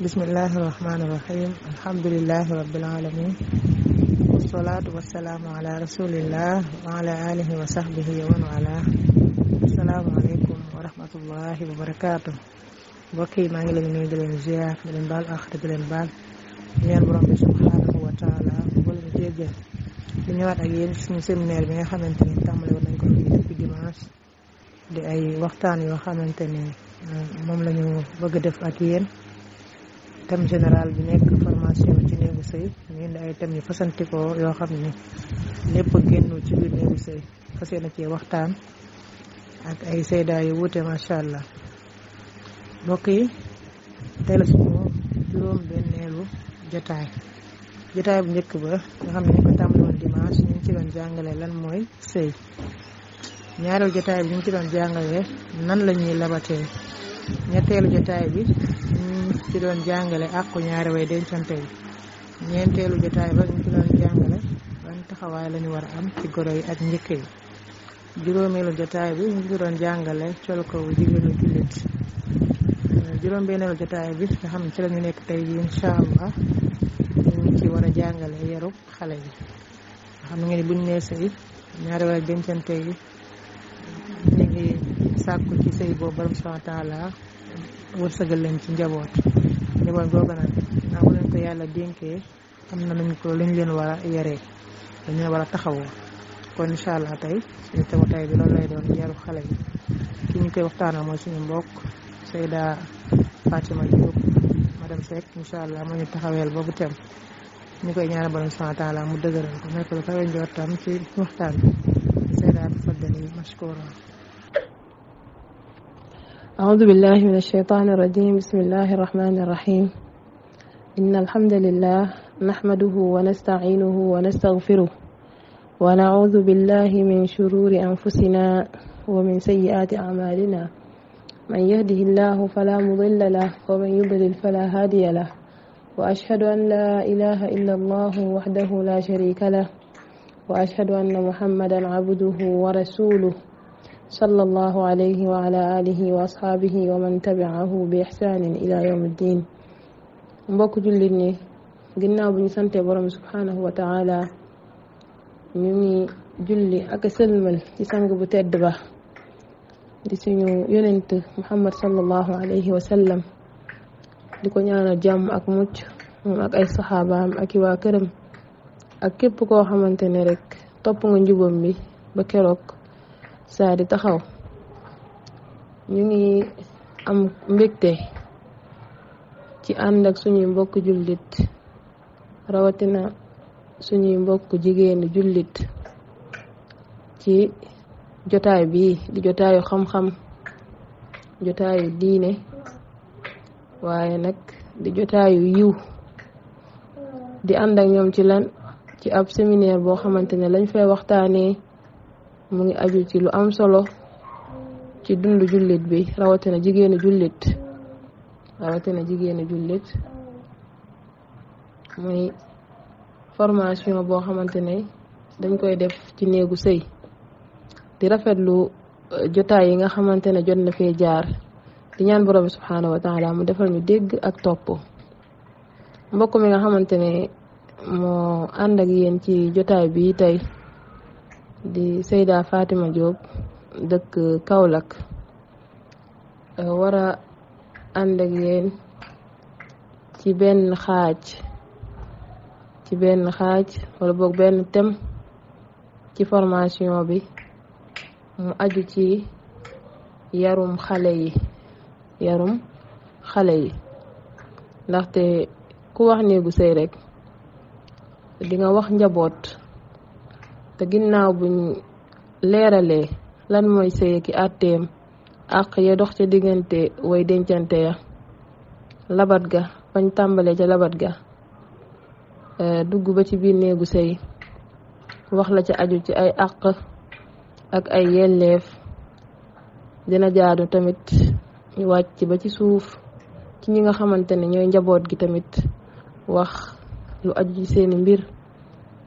بسم الله الرحمن الرحيم الحمد لله رب العالمين والصلاة والسلام على رسول الله وعلى آله وصحبه ومن والاه السلام عليكم ورحمة الله وبركاته وكي ما يلي من يدل نزيع من بال آخر من بال من رب سبحانه وتعالى كل نجيجة من يوات أجين من يلي من يحمن تني تعمل ونقر في دي جماس دي أي وقتان يوحمن تني مملنو بقدف أجين thème général bi nekk formation ci néegu sëy ñu indi ay tam yu fasantikoo yoo xam ne lépp génnul ci biir néegu sëy fas yéene ci waxtaan ak ay saydaa yu wuute macha allah mbokk yi tey la suñu juróom benneelu jotaay jotaay bu njëkk ba nga xam ne ñu ko tàmbali woon dimanche ñu ngi ci doon jàngale lan mooy sëy ñaareel jotaay bi ñu ci doon jàngale nan la ñuy labatee ñetteelu jotaay bi ci doon jàngale àqu ñaari way dencoon tey ñeenteelu jotaay ba ci doon jàngale ban taxawaay la ñu war a am ci goro yi ak njëkke yi juróomeelu jotaay bi ñu ci doon jàngale colkowu jigéenu jullit euh, juróom-benneelu jotaay bi nga xam ne ci la ñu nekk tey yi incha allah ñu ci war a jàngale yarub xale yi nga xam ne ngeen buñ neesa yi ñaari way dencoon tey yi ngi ci sëy boobu borom subhanahu wa wërsëgal leen ci njaboot njaboot googu nag naa bu leen ko yàlla dénkee am na luñ ko luñ leen war a yaree dañ leen war a taxawoo kon incha allah tey suñu thème mu tey bi loolu lay doon yaru xale yi ki ñu koy waxtaanal mooy suñu mbokk Seyda Fatima Diop madame Seck incha allah moo ñu taxaweel boobu tem ñu koy ñaanal borom subhanahu wa taala mu dëgëral ko nekk lu kawe njortam ci waxtaan bi Seyda bi faddali mashkura أعوذ بالله من الشيطان الرجيم بسم الله الرحمن الرحيم إن الحمد لله نحمده ونستعينه ونستغفره ونعوذ بالله من شرور أنفسنا ومن سيئات أعمالنا من يهده الله فلا مضل له ومن يضلل فلا هادي له وأشهد أن لا إله إلا الله وحده لا شريك له وأشهد أن محمدا عبده ورسوله sallallahu alayhi wa ala alihi wa ashaabihi man tabi'ahu bi ihsaanin ila yawmi ddin mbokk jullit ñi ginnaaw bu ñu sante borom subhaanahu wa ta'ala ñu ngi julli ak sëlmal ci sang bu tedd ba di suñu yonent muhammad sallallahu alayhi wa sallam di ko ñaana jàmm ak mucc moom ak ay saxaabaam ak i waa këram ak képp koo xamante ne rek topp nga njubam bi ba keroog saadi taxaw ñu ngi am mbégte ci ànd ak suñuy mbokk jullit rawatina suñuy mbokk jigéenu jullit ci jotaay bii di jotaayu xam-xam jotaayu diine waaye nag di jotaayu yiw di ànd ak ñoom ci lan ci ab séminaire boo xamante ne lañ fay waxtaanee mu ngi aju ci lu am solo ci dundu jullit bi rawatina jigéenu jullit rawatina jigéenu jullit muy formation boo xamante ne dañ koy def ci néegu sëy di rafetlu euh, jotaay yi nga xamante ne jot na fee jaar di ñaan borom bi subhaanahu mu defal ñu dégg ak topp mbokk mi nga xamante ne moo ànd ak yéen ci jotaay bi tey di Seyda Fatima Diop dëkk Kaolack eh, war a ànd ak ci benn xaaj ci benn xaaj wala boog benn thème ci formation bi mu aju ci yarum xale yi yarum xale yi ndaxte ku wax néegu sëy rekk nga wax njaboot te ginnaaw buñ leeralee lan mooy sëy ki àtteem àq ya dox ca diggante woy dencante ya labat ga bañ tàmbalee ca labat ga eh, dugg ba ci biir néegu sëy wax la ca aju ci ay àq ak ay yelleef dina jaadu tamit ñu wàcc ba ci suuf ci ñi nga xamante ne ñooy njaboot gi tamit wax lu aju ci seeni mbir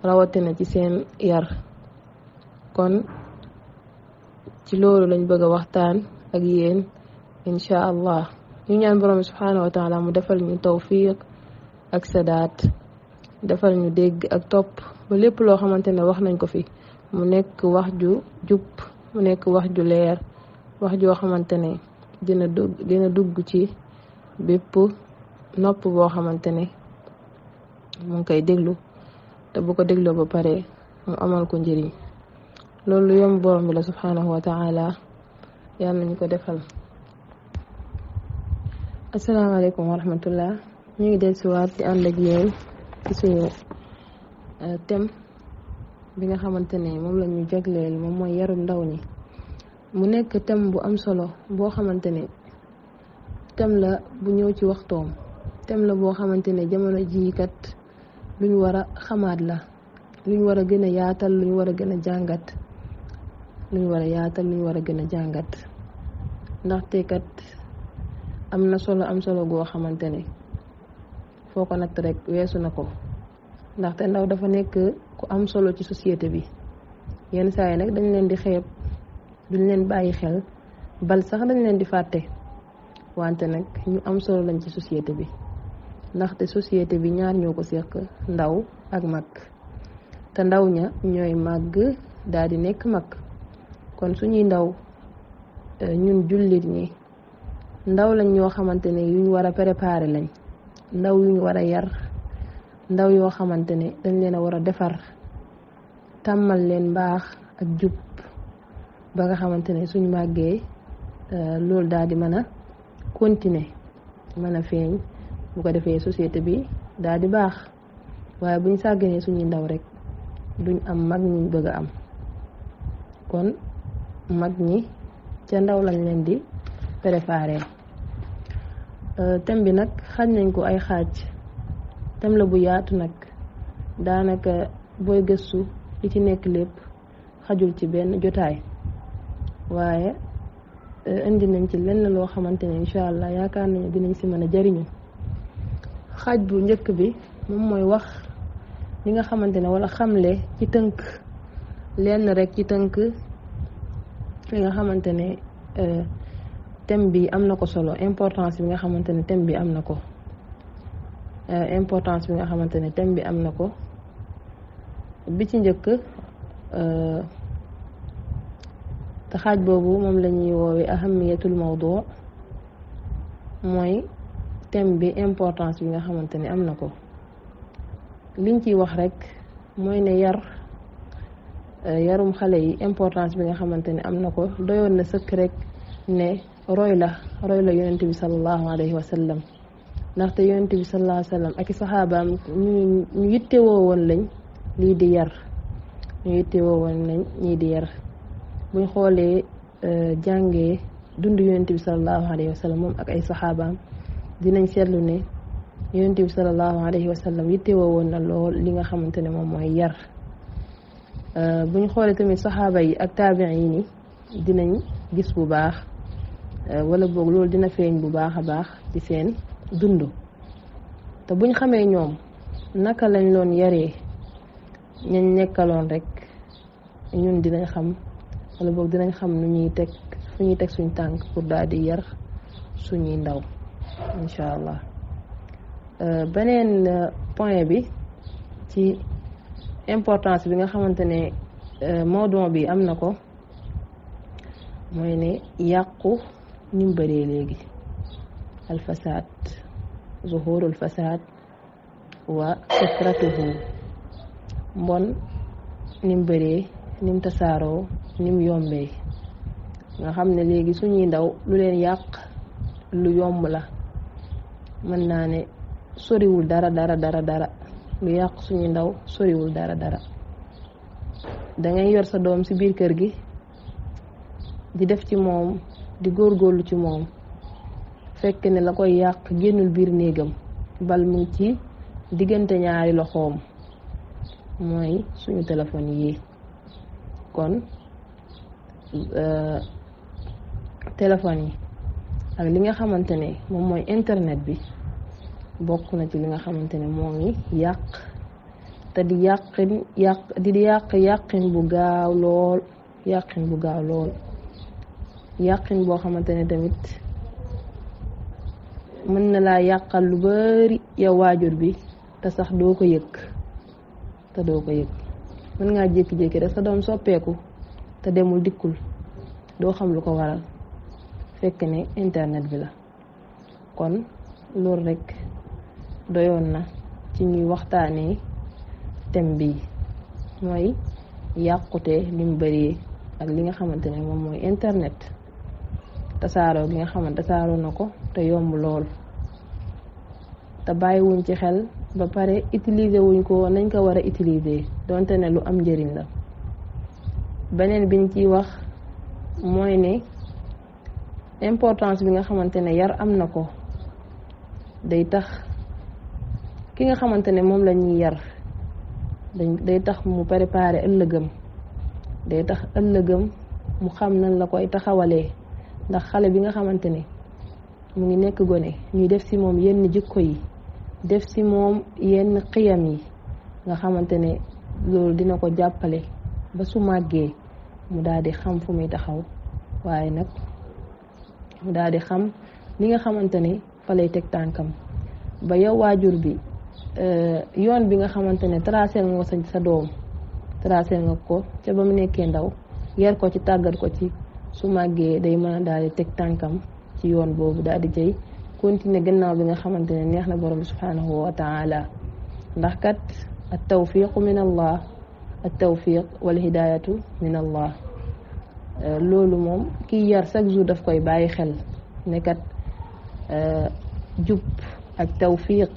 rawatina ci seen yar kon ci loolu lañ bëgg a waxtaan ak yéen incha allah ñu ñaan borom subhanahu wa taala mu defal ñu tawfiq ak sadaat defal ñu dégg ak topp ba lépp loo xamante ne wax nañ ko fi mu nekk wax ju jub mu nekk wax ju leer wax joo xamante ne dina dugg dina dugg ci bépp nopp boo xamante ne mu ngi koy déglu te bu ko dégloo ba pare mu amal ko njëriñ loolu yomb borom la subhanahu wa taala yàlla nañu ko defal asalaamaaleykum wa rahmatullah ñu ngi del siwaat di ànd ak yéen ci suñu euh, thème bi nga xamante ne moom la ñu jagleel moom mooy yarum ndaw ñi mu nekk tem bu am solo boo xamante ne thème la bu ñëw ci waxtoom thème la boo xamante ne jamono jii kat luñ war a xamaat la luñ war a gën a yaatal luñ war a gën a jàngat luñ war a yaatal luñ war a gën a jàngat ndaxte kat am na solo am solo goo xamante ne foo ko natt rek weesu na ko ndaxte ndaw dafa nekk ku am solo ci société bi yenn saa yi nag dañ leen di xeeb duñ leen bàyyi xel bal sax dañ leen di fàtte wante nag ñu am solo lañ ci société bi ndaxte société bi ñaar ñoo ko seq ndaw ak mag te ndaw ña ñooy màgg daal nekk mag kon suñuy ndaw e, ñun jullit ñi ndaw lañ ñoo xamante ne yuñ war a préparer lañ ndaw yuñ war a yar ndaw yoo xamante ne dañ leen a war a defar tàmmal leen mbaax ak jub ba nga xamante ne suñ màggee e, loolu daal di mën a continuer mën a feeñ bu ko defee société bi daal di baax waaye bu ñu sàgganee suñuy ndaw rek duñ am mag ñi bëgg a am kon mag ñi ca ndaw lañ leen di préparer euh, thème bi nag xaaj nañ ko ay xaaj thème la bu yaatu nag daanaka booy gëstu li ci nekk lépp xajul ci benn jotaay waaye euh, indi nañ ci lenn loo xamante ne incha allah yaakaar nañu dinañ si mën a jariñu xaaj bu njëkk bi moom mooy wax li nga xamante ne wala xamle ci tënk lenn rek ci tënk li nga xamante ne euh, thème bi am na ko solo importance bi nga xamante ne thème bi am na ko euh, importance bi nga xamante ne thème bi am na ko bi ci njëkk te euh, xaaj boobu moom la ñuy woowee ahamiyatul mawdu mooy thème bi importance bi nga xamante ni am na ko liñ ci wax rek mooy ne yar euh, yarum xale yi importance bi nga xamante ni am na ko doyoon na sëkk rek ne roy la roy la yonent bi sallallahu alayhi wa sallam ndaxte yonent bi sallallahu alayhi wa sallam ak i saxaabaam ñu ñu woon lañ lii di yar ñu yitte woon lañ ñii di yar buñ xoolee euh, jàngee dund yonent bi sallallahu alayhi wa sallam moom ak ay saxaabaam dinañ seetlu ne yonent bi sallallahu alayhi wa sallam yittewoo woon na lool li nga xamante ne moom mooy yar euh, bu ñu xoolee tamit saxaaba yi ak taabiin yi ni dinañ gis bu baax euh, wala boog loolu dina feeñ bu baax a baax di seen dund te buñ xamee ñoom naka lañ loon yaree ñañ nekkaloon rek ñun dinañ xam wala boog dinañ xam nu ñuy teg fu ñuy teg suñ tànk pour daal di yar suñuy ndaw incha allah euh, beneen euh, point bi ci importance bi nga xamante ne euh, Maodo bi am na ko mooy ne yàqu ni mu bëree léegi alfasaad zuhurul fasaad wa sufratuhu mbon ni mu bëree ni mu tasaaroo ni mu yombee nga xam ne léegi suñuy ndaw lu leen yàq lu yomb la mën naa ne soriwul dara dara dara dara lu yàq suñu ndaw soriwul dara dara dangay yor sa doom ci biir kër gi di def ci moom di góorgóorlu ci moom fekk ne la koy yàq génnul biir néegam bal mu ci diggante ñaari loxoom mooy suñu téléphone yi kon euh, téléphone yi ak li nga xamante ne moom mooy internet bi bokk na ci li nga xamante ne moo ngi yàq te di yàqin yàq di yàq yàqin bu gaaw lool yàqin bu gaaw lool yàqin boo xamante ne tamit mën na laa yàqal lu bari yow waajur bi te sax doo ko yëg te doo ko yëg mën ngaa jékki-jékki rek sa doom soppeeku te demul dikkul doo xam lu ko waral fekk ne internet bi la kon loolu rekk doyoon na ci ñuy waxtaanee tem bi mooy yàqute li mu ak li nga xamante ne moom mooy internet tasaaroo gi nga xamante tasaaroo na ko te yomb lool te bàyyiwuñ ci xel ba pare utiliser wuñ ko nañ ko war a utiliser donte ne lu am njëriñ la beneen biñ ciy wax mooy ne importance bi nga xamante ne yar am na ko day tax ki nga xamante ne moom la yar dañ day tax mu préparer ëllëgam day tax ëllëgam mu xam nañ la koy taxawalee ndax xale bi nga xamante ne mu ngi nekk gone ñuy def ci moom yenn jikko yi def ci moom yenn xiyam yi nga xamante ne loolu dina ko jàppale ba su màggee mu daal di xam fu muy taxaw waaye nag mu daal di xam li nga xamante ni fa lay teg tànkam ba yow waajur bi euh, yoon bi nga xamante ne tracé nga ko sa doom tracé nga ko ca ba mu nekkee ndaw yar ko ci tàggat ko ci su màggee day mën daal teg tànkam ci yoon boobu daal di jëy continuer gannaaw bi nga xamante ne neex na borom bi subhanahu wa taala ndax kat at tawfiqu min allah at tawfiq wal hidayatu min allah Euh, loolu moom kiy yar chaque jour daf koy bàyyi xel nekkat euh, jub ak tawfiq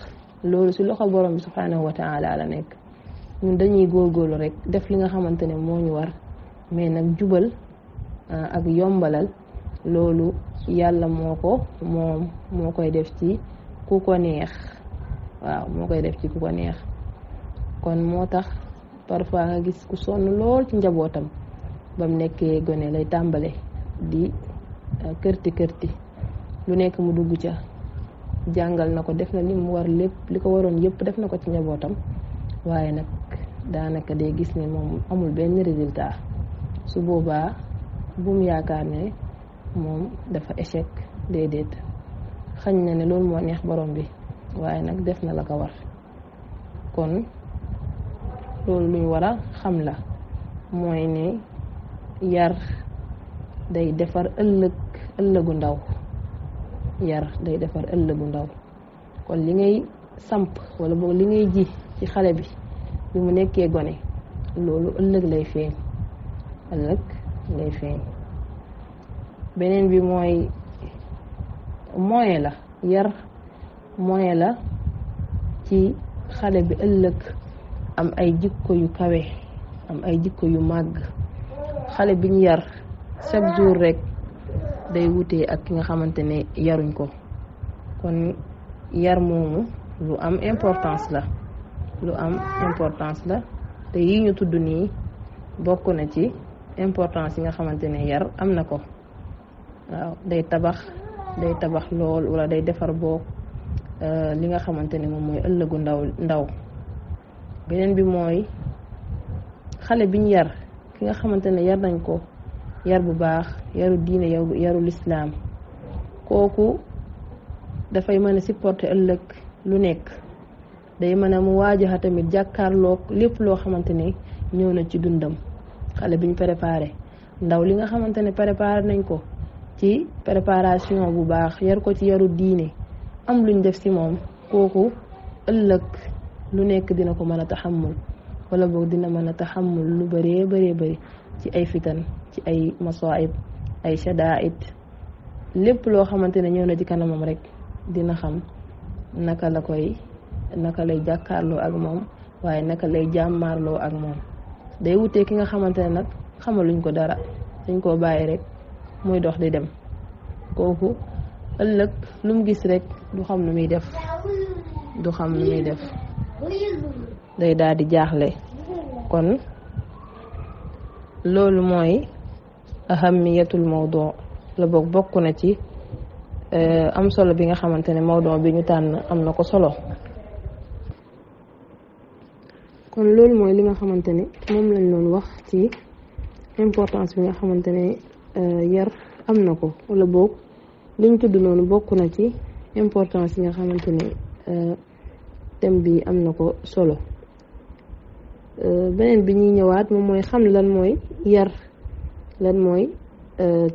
loolu si loxo borom bi subhanahu wa la nekk ñun dañuy góorgóorlu rek def li nga xamante ne moo ñu war mais nag jubal euh, ak yombalal loolu yàlla moo ko moom moo koy def ci ku ko neex waaw moo koy def ci ku ko neex kon moo tax parfois nga gis ku sonn lool ci njabootam ba mu nekkee gone lay tàmbale di euh, kërti kërti lu nekk mu dugg ca jàngal na ko def na li mu war lépp li ko waroon yépp def na ko ci njabootam waaye nag daanaka day gis ne moom amul benn résultat su boobaa bu yaakaar ne moom dafa échec déedéet xañ na ne loolu moo neex borom bi waaye nag def na la ko war kon loolu luñ war a xam la mooy ne yar day defar ëllëg ëllëgu ndaw yar day defar ëllëgu ndaw kon li ngay samp walla boog li ngay ji ci xale bi bi mu nekkee gone loolu ëllëg lay feeñ ëllëg lay feeñ beneen bi mooy moyen la yar moyen la ci xale bi ëllëg am ay jikko yu kawe am ay jikko yu màgg xale bi ñu yar chaque jour rek day wutee ak ki nga xamante ne yaruñ ko kon yar moomu lu am importance la lu am importance la te yi ñu tudd nii bokk na ci importance yi nga xamante ne yar am na ko waaw day tabax day tabax lool wala day defar boo euh, li nga xamante ne moom mooy ëllëgu ndaw ndaw beneen bi mooy xale biñ yar ki nga xamante ne yar nañ ko yar bu baax yaru diine yaru lislaam kooku dafay mën a supporter ëllëg lu nekk day mën a mu waajaxa tamit jàkkarlook lépp loo xamante ne ñëw na ci dundam xale bi ñu préparé ndaw li nga xamante ne préparé nañ ko ci préparation bu baax yar ko ci yaru diine am luñ def si moom kooku ëllëg lu nekk dina ko mën a taxamul wala boog dina mën a taxamul lu bëree bëree bëri ci ay fitan ci ay masaib ay shadaid lépp loo xamante ne ñëw na ci kanamam rek dina xam naka la koy naka lay jàkkaarloo ak moom waaye naka lay jàmmaarloo ak moom day wutee ki nga xamante ne nag luñ ko dara dañ koo bàyyi rek muy dox di dem kooku ëllëg lu gis rek du xam lu muy def du xam lu muy def day daal di jaaxle kon loolu mooy ahamiyatul mawdu la bokk bokk na ci eh, am solo bi nga xamante ne mawdu bi ñu tànn am na ko solo kon loolu mooy li nga xamante ne moom lañ doon wax ci importance bi nga xamante ne eh, yar am na ko wala boog liñ tudd noonu bokk na ci importance yi nga xamante ne eh, thème bi am na ko solo beneen bi ñuy ñëwaat moom mooy xam lan mooy yar lan mooy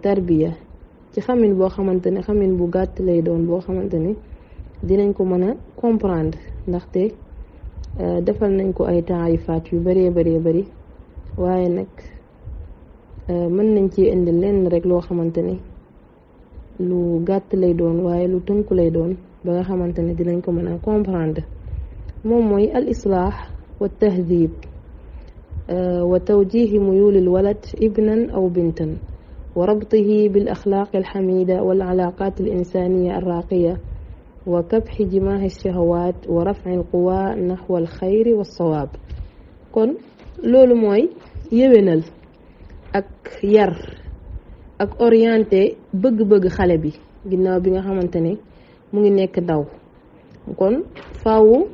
tarbiya ci xamin boo xamante ne xamin bu gàtt lay doon boo xamante ne dinañ ko mën a comprendre ndaxte defal nañ ko ay taarifaat yu bëree bëree bëri waaye nag mën nañ ci indi lenn rek loo xamante ne lu gàtt lay doon waaye lu tënku lay doon ba nga xamante ne dinañ ko mën a comprendre moom mooy al islaax wa tahdib آه، وتوجيه ميول الولد ابنا أو بنتا وربطه بالأخلاق الحميدة والعلاقات الإنسانية الراقية وكبح جماه الشهوات ورفع القوى نحو الخير والصواب كن لول موي يبنل أك ير أك أوريانتي بغ بغ خالبي ginnaaw bi nga xamante ne نيك داو nekk فاو kon faawu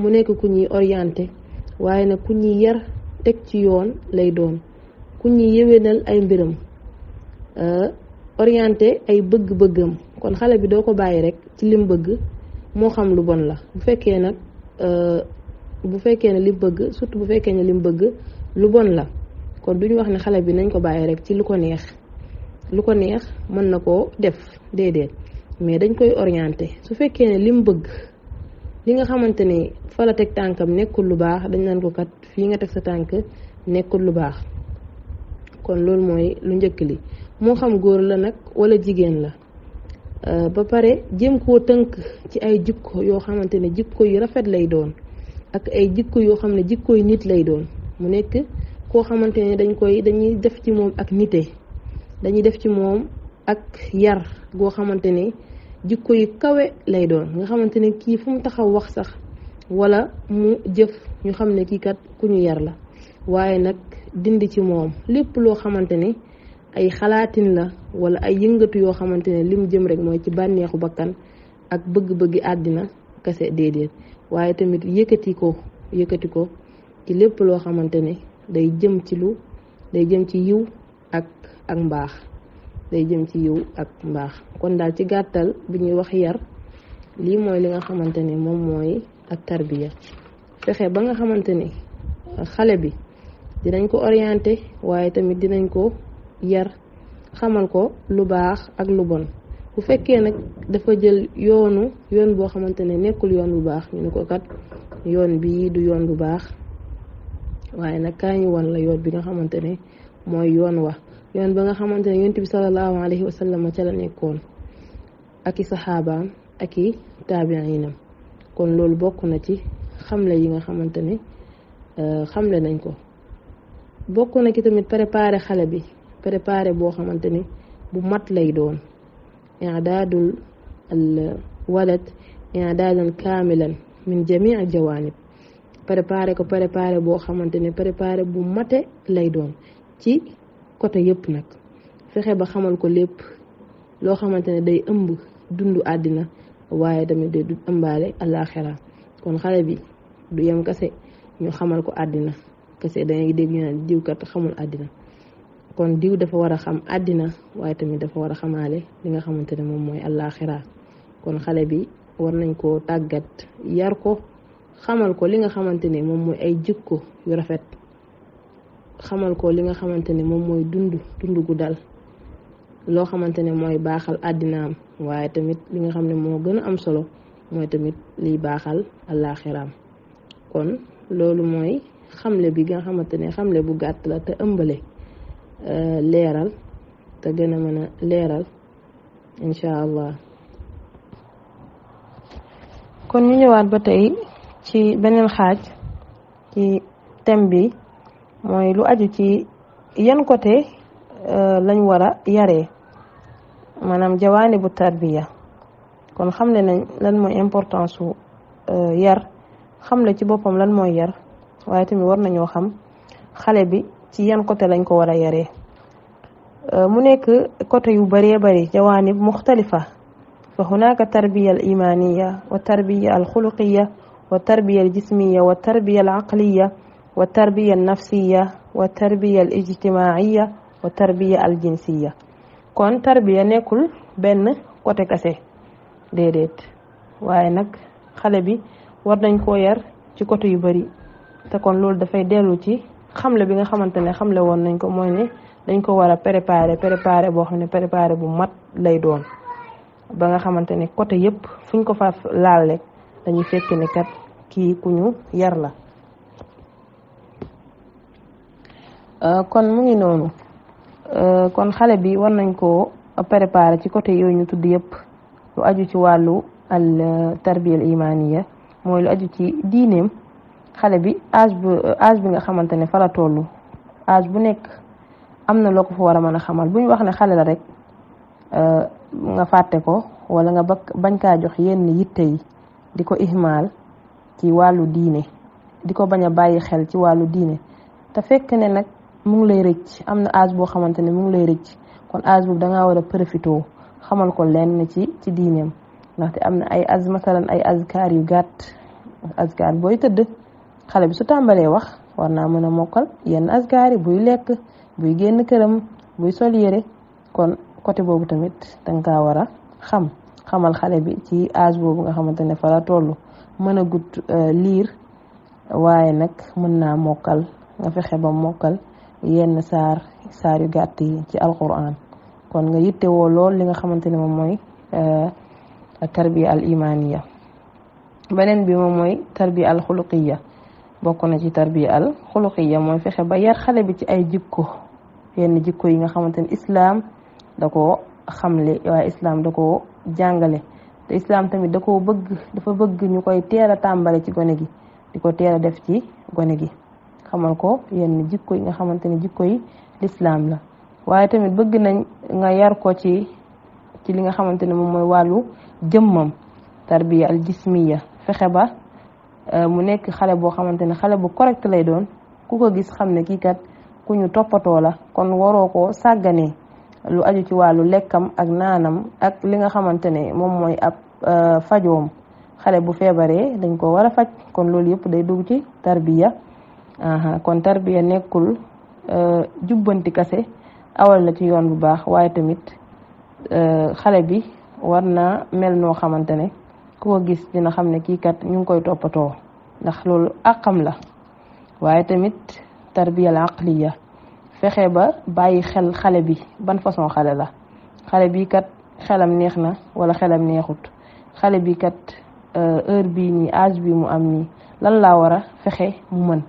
mu nekk ku ñuy teg ci yoon lay doon ku ñuy yéwénal ay mbiram euh, orienté ay bëgg-bëggam kon xale bi doo ko bàyyi rek ci lim bëgg moo xam lu bon la bu fekkee nag euh, bu fekkee ne lim bëgg surtout bu fekkee ne lim bëgg lu bon la kon duñu wax ne xale bi nañ ko bàyyi rek ci lu ko neex lu ko neex mën na koo def déedéet mais dañ koy orienté su fekkee ne lim bëgg li nga xamante ne fa tànkam nekkul lu baax dañ naan ko kat fii nga teg sa tànk nekkul lu baax kon loolu mooy lu njëkk li moo xam góor la nag wala jigéen la euh, ba pare jëm koo tënk ci ay jikko yoo xamante ne jikko yu rafet lay doon ak ay jikko yoo xam ne jikko yu nit lay doon mu nekk koo xamante ne dañ koy dañuy def ci moom ak nite dañuy def ci moom ak yar goo xamante ne jikko yu kawe lay doon nga xamante ne kii fu mu taxaw wax sax wala mu jëf ñu xam ne kii kat ku ñu yar la waaye nag dindi ci moom lépp loo xamante ne ay xalaatin la wala ay yëngatu yoo xamante ne lim jëm rek mooy ci bànneexu bakkan ak bëgg-bëggi àddina kese déedéet waaye tamit yëkkati ko yëkkati ko ci lépp loo xamante ne day jëm ci lu day jëm ci yiw ak ak mbaax day jëm ci yiw ak mbaax kon daal ci gàttal bu ñuy wax yar lii mooy li nga xamante ne moom mooy ak tarbiya fexe ba nga xamante ne xale bi dinañ ko orienté waaye tamit dinañ ko yar xamal ko lu baax ak lu bon bu fekkee nag dafa jël yoonu yoon boo xamante ne nekkul yoon bu baax ñu ne ko kat yoon bi du yoon bu baax waaye nag kaa ñu won la yoon bi nga xamante ne mooy yoon wa yoon ba nga xamante ne yonent bi sallallahu alayhi wa sallam ca la nekkoon ak i saxaabaam ak i taabiinam kon loolu bokk na ci xamle yi nga xamante ne xamle nañ ko bokk na ci tamit préparé xale bi préparé boo xamante ne bu mat lay doon i'daadul walad i'daadan kaamilan min jamii jawanib préparé ko préparé boo xamante ne préparé bu mate lay doon ci côté yëpp nag fexe ba xamal ko lépp loo xamante ne day ëmb dundu àddina waaye tamit day du ëmbaale àllaaxira kon xale bi du yam kase ñu xamal ko àddina kase dangay dégg ñu naan diw kat xamul àddina kon diw dafa war a xam àddina waaye tamit dafa war a xamaale li nga xamante ne moom mooy àllaaxira kon xale bi war nañ koo tàggat yar ko xamal ko li nga xamante ne moom mooy ay jikko yu rafet xamal ko li nga xamante ne moom mooy dund dund gu dal loo xamante ne mooy baaxal àddinaam waaye tamit li nga xam ne moo gën a am solo mooy tamit li baaxal àllaaxiraam kon loolu mooy xamle bi nga xamante ne xamle bu gàtt la te ëmbale euh, leeral te gën a mën a leeral incha allah. kon ñu ñëwaat ba tey ci beneen xaaj ci thème bi. moy lu aju ci yeen côté euh lañ wara yaré manam jawani bu tarbiya kon xamné nañ lan moy importance euh yar xamlé ci bopam lan moy yar waye tamit war nañu xam xale bi ci yeen côté lañ ko wara yaré euh mu nek côté yu bari bari jawani mukhtalifa fa hunaka tarbiya al imaniya wa tarbiya al xuluqiya wa tarbiya al jismiya wa tarbiya al aqliya wa tarbiya nafsiya wa tarbiya al ijtimaiya wa tarbiya al jinsiya kon tarbiya nekkul benn côté kase déedéet waaye nag xale bi war nañ ko yar ci côté yu bari te kon loolu dafay dellu ci xamle bi nga xamante ne le woon nañ ko mooy ne dañ ko war a préparer préparer boo xam ne préparer bu mat lay doon ba nga xamante ne côté yëpp fuñ ko fa laal rek dañuy fekk ne kat kii ku ñu yar la Euh, kon mu ngi noonu euh, kon xale bi war nañ koo préparer ci côté yooyu ñu tudd yëpp lu aju ci wàllu al euh, tarbiya al imaniya mooy lu aju ci diineem xale bi âge bi nga xamante ne fa la toll bu nekk am na loo ko fa war a mën a xamal bu ñu wax ne xale la rek nga fàtte ko wala nga bak bañ kaa jox yenn yitte yi di ko ihmaal ci wàllu diine di ko bañ a bàyyi xel ci wàllu diine te fekk ne nag mu lay rëcc am na âge boo xamante ne mu ngi lay rëcc kon âge boobu dangaa war a profité xamal ko lenn ci ci diineem ndaxte am na ay az masalan ay azkaar yu gàtt azkaar booy tëdd xale bi su tàmbalee wax war naa mën a mokkal yenn azkaar yi buy lekk buy génn këram buy sol yére kon côté boobu tamit danga kaa war a xam xamal xale bi ci âge boobu nga xamante ne fa la toll mën a gut euh, liir waaye nag mën naa mokkal nga fexe ba mokkal yenn saar saar yu gàtt yi ci alquran kon nga yittewoo lool li nga xamante ne moom mooy euh, tarbiya al imaniya beneen bi moom mooy tarbiya al xuluqiya na ci tarbiya al xuluqiya mooy fexe ba yar xale bi ci ay jikko yenn jikko yi nga xamante ne islaam da koo xamle waaye islaam da koo jàngale te islaam tamit da koo bëgg dafa bëgg ñu koy teel a tàmbale ci gone gi di ko teel a def ci gone gi xamal ko yenn jikko yi nga xamante ne jikko yi lislaam la waaye tamit bëgg nañ nga yar ko ci ci li nga xamante ne moom mooy wàllu jëmmam tarbiya al fexe ba euh, mu nekk xale boo xamante ne xale bu correct lay doon ku ko gis xam ne kii kat ku ñu toppatoo la kon waroo ko sàgganee lu aju ci wàllu lekkam ak naanam ak li nga xamante ne moom mooy ab euh, fajoom xale bu feebaree dañ ko war a faj kon loolu yëpp day dugg ci tarbiya kon tarbiya nekkul jubanti kase awal la ci yoon bu baax waye tamit xale bi warna mel no xamantene ne ko gis dina xamne ki kat ñu koy topato ndax lool akam la waye tamit tarbiya al aqliya fexe ba bàyyi xel xale bi ban façon xale la xale bi kat xelam neexna wala xelam neexut xale bi kat heure bi ni âge bi mu am ni lan la wara fexe mu mën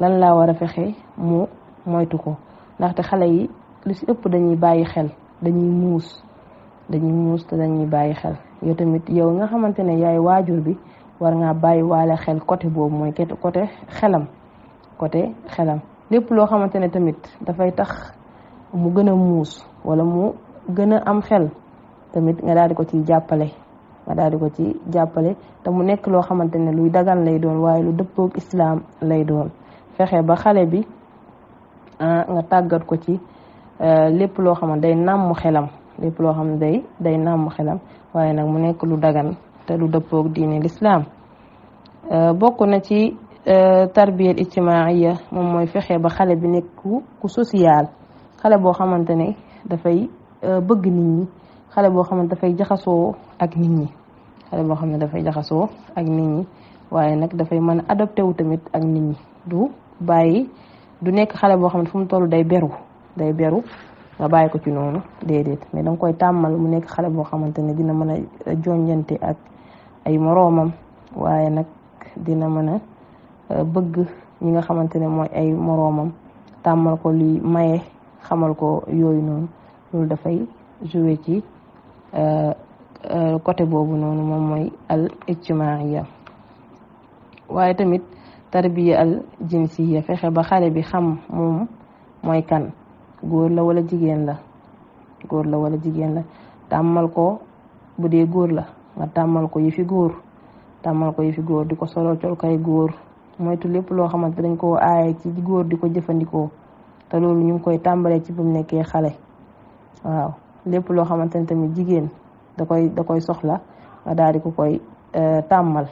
lan laa war a fexe mu moytu ko ndaxte xale yi lu si ëpp dañuy bàyyi xel dañuy muus dañuy muus te dañuy bàyyi xel yow yow nga xamante ne yaay waajur bi war ngaa bàyyi waale xel côté boobu mooy côté xelam côté xelam lépp loo xamante ne tamit dafay tax mu gën a muus wala mu gën a am xel tamit nga daal di ko ci jàppale nga daal di ko ci jàppale te mu nekk loo xamante ne luy dagan lay doon waaye lu dëppoog islaam lay doon fexé ba xalé bi euh, nga tagat ko ci euh, lépp loo xam day nam xelam lepp lo xam day day nam xelam waaye nak mu nek lu dagan te lu deppok diine lislaam euh, bokku na ci tarbiyal ijtimaiya mom moy fexé ba xalé bi nek ku social xale boo xamante ne dafay bëgg nit ñi xalé bo xam da fay jaxaso ak nit ñi xalé bo da fay jaxaso ak nit ñi waye nak da fay adopté wu tamit ak nit ñi du bàyyi du nekk xale boo xam ne fu mu toll day beru day beru nga bàyyi ko ci noonu déedéet mais danga koy tàmmal mu nekk xale boo xamante ne dina mën a jonjante ak ay moroomam waaye nag dina mën a bëgg ñi nga xamante ne mooy ay moroomam tàmmal ko li maye xamal ko yooyu noonu loolu dafay joué ci côté boobu noonu moom mooy al ijtimaiya waaye tamit tarbiya al jinsiya fexe ba xale bi xam moom mooy kan góor la wala jigéen la góor la wala jigéen la tàmmal ko bu dee góor la nga tàmmal ko yëfi góor tàmmal ko yëfi góor di ko solo col kay góor moytu lépp loo xamante dañ koo aaye ci góor di ko jëfandikoo te loolu ñu koy tàmbalee ci bu nekkee xale waaw lépp loo xamante ne tamit jigéen da koy da koy soxla nga daal di ko koy eh, tàmmal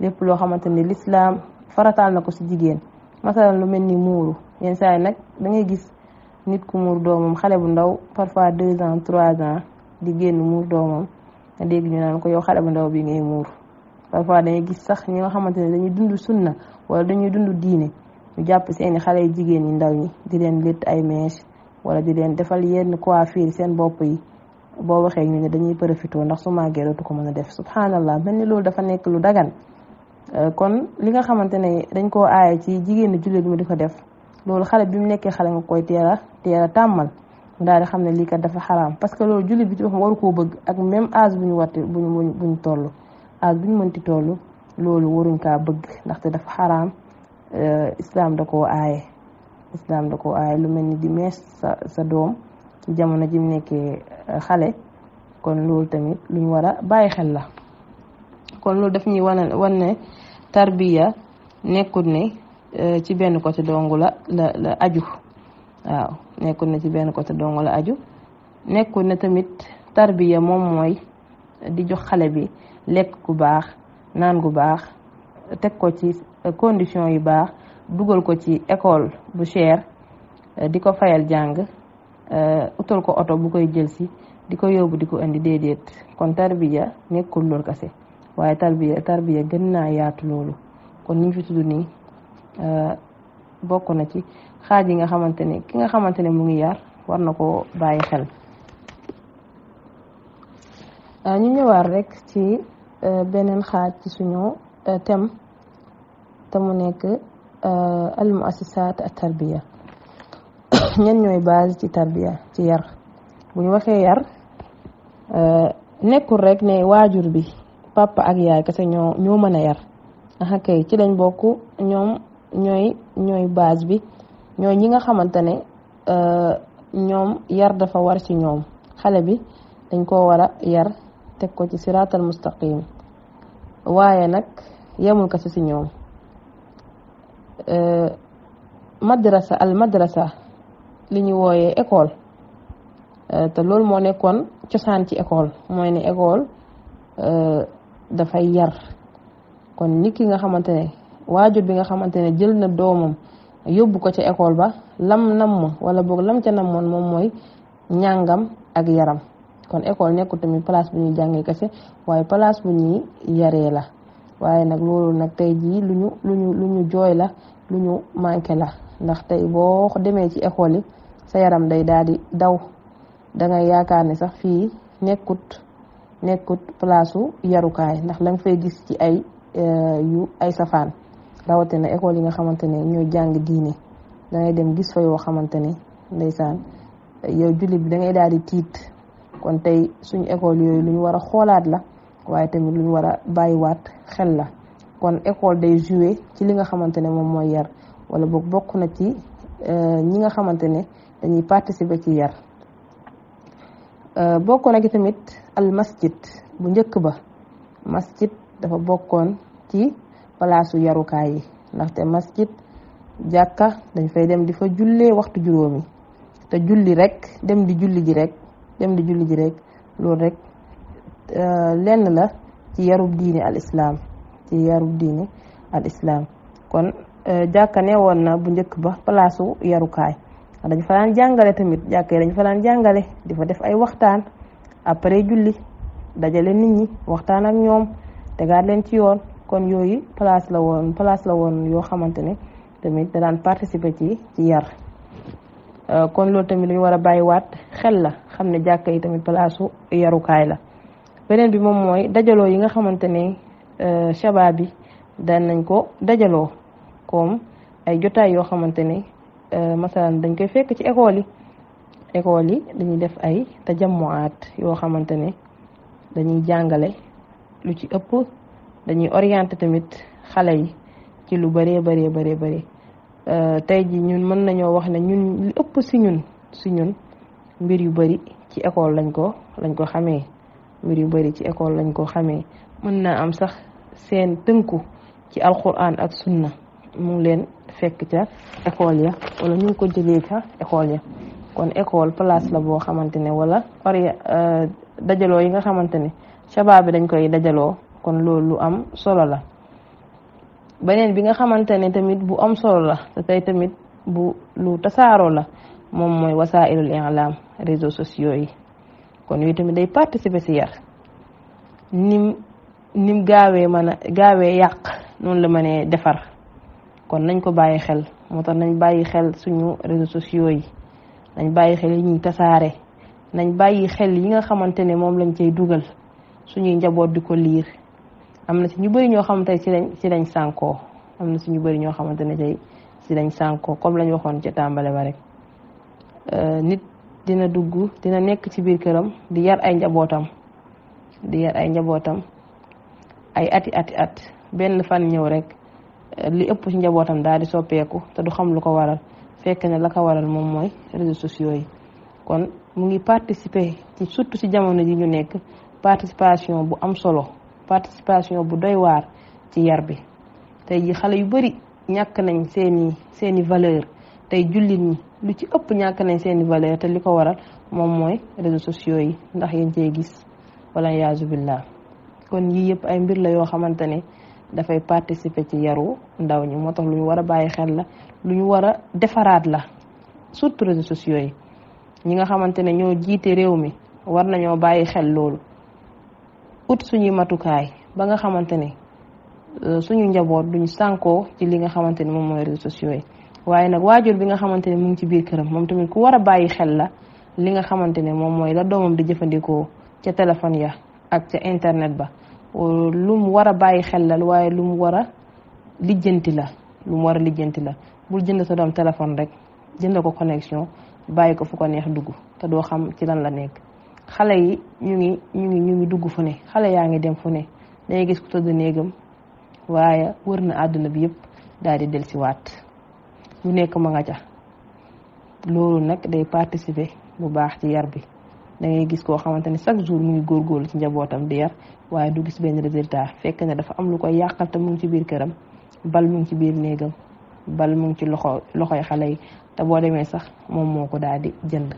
lépp loo xamante lislaam farataal na ko si jigéen masalan lu mel ni muuru yenn saa nag da ngay gis nit ku muur doomam xale bu ndaw parfois deux ans trois ans di génn muur doomam nga dégg ñu naan ko yow xale bu ndaw bi ngay muur parfois dañuy gis sax ñi nga xamante ne dañuy dund sunna wala dañuy dund diine ñu jàpp seeni xale yu jigéen ñi ndaw ñi di leen létt ay mèche wala di leen defal yenn coiffure seen bopp yi boo waxee ñu ne dañuy profité ndax su màggee dootu ko mën a def subhanallah mel ni loolu dafa nekk lu dagan Euh, kon li nga xamante ne dañ koo aaye ci jigéenu jullit mu di ko def loolu xale bi mu nekkee xale nga koy teel a teel a tàmmal daal di xam ne lii kat dafa xaraam parce que loolu jullit bi ci koo bëgg ak même âge bu ñu watte bu ñu bu ñu toll âge bu ñu mënti toll loolu waruñ kaa bëgg ndaxte dafa xaraam euh, islam da koo aaye islam da koo aaye lu mel ni di mees sa sa doom ci jamono ji mu nekkee euh, xale kon loolu tamit luñ war a bàyyi xel la. kon loolu daf ñuy wan wan ne tarbiya nekkul ne euh, ci benn côté dongu la la aju waaw nekkul ne ci benn côté dongu la aju nekkul na tamit tarbiya moom mooy di jox xale bi lekk gu baax naan gu baax teg ko ci euh, condition yu baax dugal ko ci école bu cher euh, di ko fayal jàng utal ko oto bu koy jël si di ko yóbbu di ko indi déedéet kon tarbiya nekkul loolu kese waaye tarbiya tarbiya gën naa yaatu loolu kon ñu fi tudd nii euh, bokk na ci xaaj yi nga xamante ne ki nga xamante ne mu ngi yar war na ko bàyyi xel euh, ñu ñëwaat rekk ci euh, beneen xaaj ci suñu thème te mu nekk al muassisat at tarbiya ñan ñooy base ci tarbiya ci yar bu ñu waxee yar nekkul rek ne waajur bi papa ak yaay kasse ñoo ñoo mëna yar aha kay ci lañ bokk ñoom ñoy ñoy base bi ñoy ñi nga xamantene euh ñoom yar dafa war ci ñoom xale bi dañ ko wara yar tek ko ci siratal mustaqim waye nak yamul kasse ci ñoom madrasa al madrasa li ñu woyé école te loolu moo nekkoon cosaan ci école moy ni école dafay yar kon nit ki nga xamante ne waajur bi nga xamante ne jël na doomam yóbbu ko ca école ba lam namm wala boog lam ca namoon moom mooy ñàngam ak yaram kon école nekkul tamit palace bu ñuy jàngee kese waaye palace bu ñuy yaree la waaye nag loolu nag tey jii lu ñu lu ñu lu ñu jooy la lu ñu manqué la ndax tey boo demee ci école yi sa yaram day daal di daw da ngay yaakaar ne sax fii nekkut nekkut place u yarukaay ndax la nga fay gis ci ay eh, yu ay safaan rawatina école yi nga xamante ne ñooy jàng diine dangay dem gis fa yoo xamante ne ndeysaan yow jullit bi da ngay daal di tiit kon tey suñu école yooyu lu ñu war a xoolaat la waaye tamit lu ñu war a bàyyiwaat xel la kon école day joué ci li nga xamante ne moom mooy yar wala boog bokk na ci eh, ñi nga xamante ne dañuy participer ci yar eh, bokk na ci tamit al masjid bu ñëkk ba masjid dafa bokkoon ci palaasu yarukaay yi masjid jàkka dañ fay dem di fa jullee waxtu juróomi te julli rek dem di julli ji rek dem di julli ji rek loolu rek euh, lenn la ci yarub diini al islam ci yarub diini al islam kon euh, jàkka ne woon na bu njëkk ba palaasu yarukaay dañ fa daan jàngale tamit jàkka yi dañ fa daan jàngale di fa def ay waxtaan après julli dajale nit ñi waxtaan ak ñoom tegaat leen ci yoon kon yooyu place la woon place yoo xamante ne tamit da daan participer ci ci yar euh, kon loolu tamit lu ñu war a bàyyiwaat xel la xam ne jàkka yi tamit place su yarukaay la beneen bi moom mooy dajaloo yi nga xamante ne euh, shabaab bi daan nañ ko dajaloo comme ay jotaay yoo xamante ne euh, masalan dañ koy fekk ci école yi école yi dañuy def ay tajammuwaat yo xamantene dañuy jàngale lu ci ëpp dañuy orienter tamit xalé yi ci lu bare bare bare euh tay ji ñun mën nañu wax ne ñun li ëpp si ñun si ñun mbir yu bari ci école lañ ko lañ ko xamé mbir yu bari ci école lañ ko xamé mën na am sax seen tënku ci alquran ak sunna mu ngi leen fekk ca école ya wala ñu ko jëlee ca école ya kon école place la boo xamante ne wala ori euh, dajaloo yi nga xamante ne shabaab bi dañ koy dajaloo kon loolu lu am solo la beneen bi nga xamante ne tamit bu am solo la te tey tamit bu lu tasaaroo la moom mooy wasaa'ilul i'laam réseaux sociaux yi kon yooyu tamit day participer ci yar nim nim gaawee mën a gaawee yàq noonu la mënee defar kon nañ ko bàyyi xel moo tax nañ bàyyi xel suñu réseaux sociaux yi nañ bàyyi xel yi ñuy tasaare nañ bàyyi xel yi nga xamante ne moom lañ cay dugal suñuy njaboot di ko liir am na si ñu bëri ñoo xamante ne ci lañ ci lañ sànkoo am na si ñu bëri ñoo xamante ne cay si lañ sànkoo comme lañ waxoon ci tàmbale ba rek euh, nit dina dugg dina nekk ci biir këram di yar ay njabootam di yar ay njabootam ay ati ati at benn fan ñëw rek euh, li ëpp ci njabootam daa di soppeeku te du xam lu ko waral fekk ne la ko waral moom mooy réseaux sociaux yi kon mu ngi participer ci surtout si jamono ji ñu nekk participation bu am solo participation bu doy waar ci yar bi tey ji xale yu bari ñàkk nañ seeni seeni valeur tey jullit ñi lu ci ëpp ñàkk nañ seeni valeur te li waral moom mooy réseaux sociaux yi ndax yéen cee gis wala yaasu billah kon yii yëpp ay mbir la yoo xamante ne dafay participer ci yaru ndaw ñi moo lu ñu war a xel la lu ñu war a defaraat la surtout réseaux sociaux yi ñi nga xamante ne ñoo jiite réew mi war nañoo bàyyi xel loolu ut suñuy matukaay ba nga xamante ne euh, suñu njaboot duñu sànkoo ci li nga xamante ne moom mooy réseaux sociaux yi waaye nag waajur bi nga xamante ne mu ngi ci biir këram moom tamit ku war a bàyyi xel la li nga xamante ne moom mooy la doomam di jëfandikoo ca téléphone ya ak ca internet ba euh, lu mu war a bàyyi xel la waaye lu mu war a lijjanti la lu mu war a lijjanti la bul jënd sa doom téléphone rek jënd ko connexion bàyyi ko fu ko neex dugg te doo xam ci lan la nekk xale yi ñu ngi ñu ngi ñu ngi dugg fu ne xale yaa ngi dem fu ne dañuy gis ku tëdd néegam waaye wër na àdduna bi yëpp daal di del si waat ñu nekk ma nga ca loolu nag day participer bu baax ci yar bi dangay gis koo xamante ni chaque jour mu ngi góorgóorlu ci njabootam di yar waaye du gis benn résultat fekk ne dafa am lu koy yàqal te mu ngi ci biir këram bal mu ngi ci biir néegam bal mu ci loxo loxoy xale yi te boo demee sax moom moo ko daal di jënd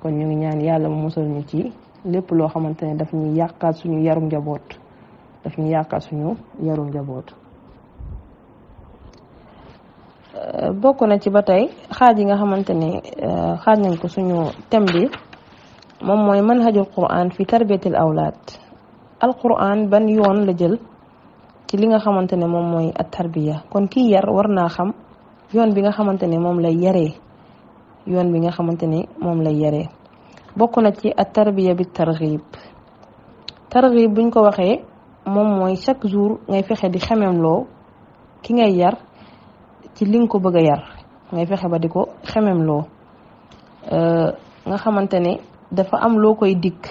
kon ñu ngi ñaan yàlla mu musal ñu ci lépp loo xamante ne daf ñuy yàqaat suñu yarum njaboot daf ñuy yàqaat suñu yarum njaboot. Euh, bokk na ci ba tey xaaj yi nga xamante ne euh, xaaj nañ ko suñu thème bi moom mooy manhajul Qur'an fi tarbiyatil awlaad al Qur'an ban yoon la jël. ci li nga xamante ne moom mooy at tarbiya kon kii yar war naa xam yoon bi nga xamante ne moom lay yare yoon bi nga xamante ne moom lay yaree bokk na ci at tarbiya bi targhib targhib buñ ko waxee moom mooy chaque jour ngay fexe di xememloo ki ngay yar ci li nga ko bëgg a yar ngay fexe ba di ko xememloo nga xamante ne dafa am loo koy dikk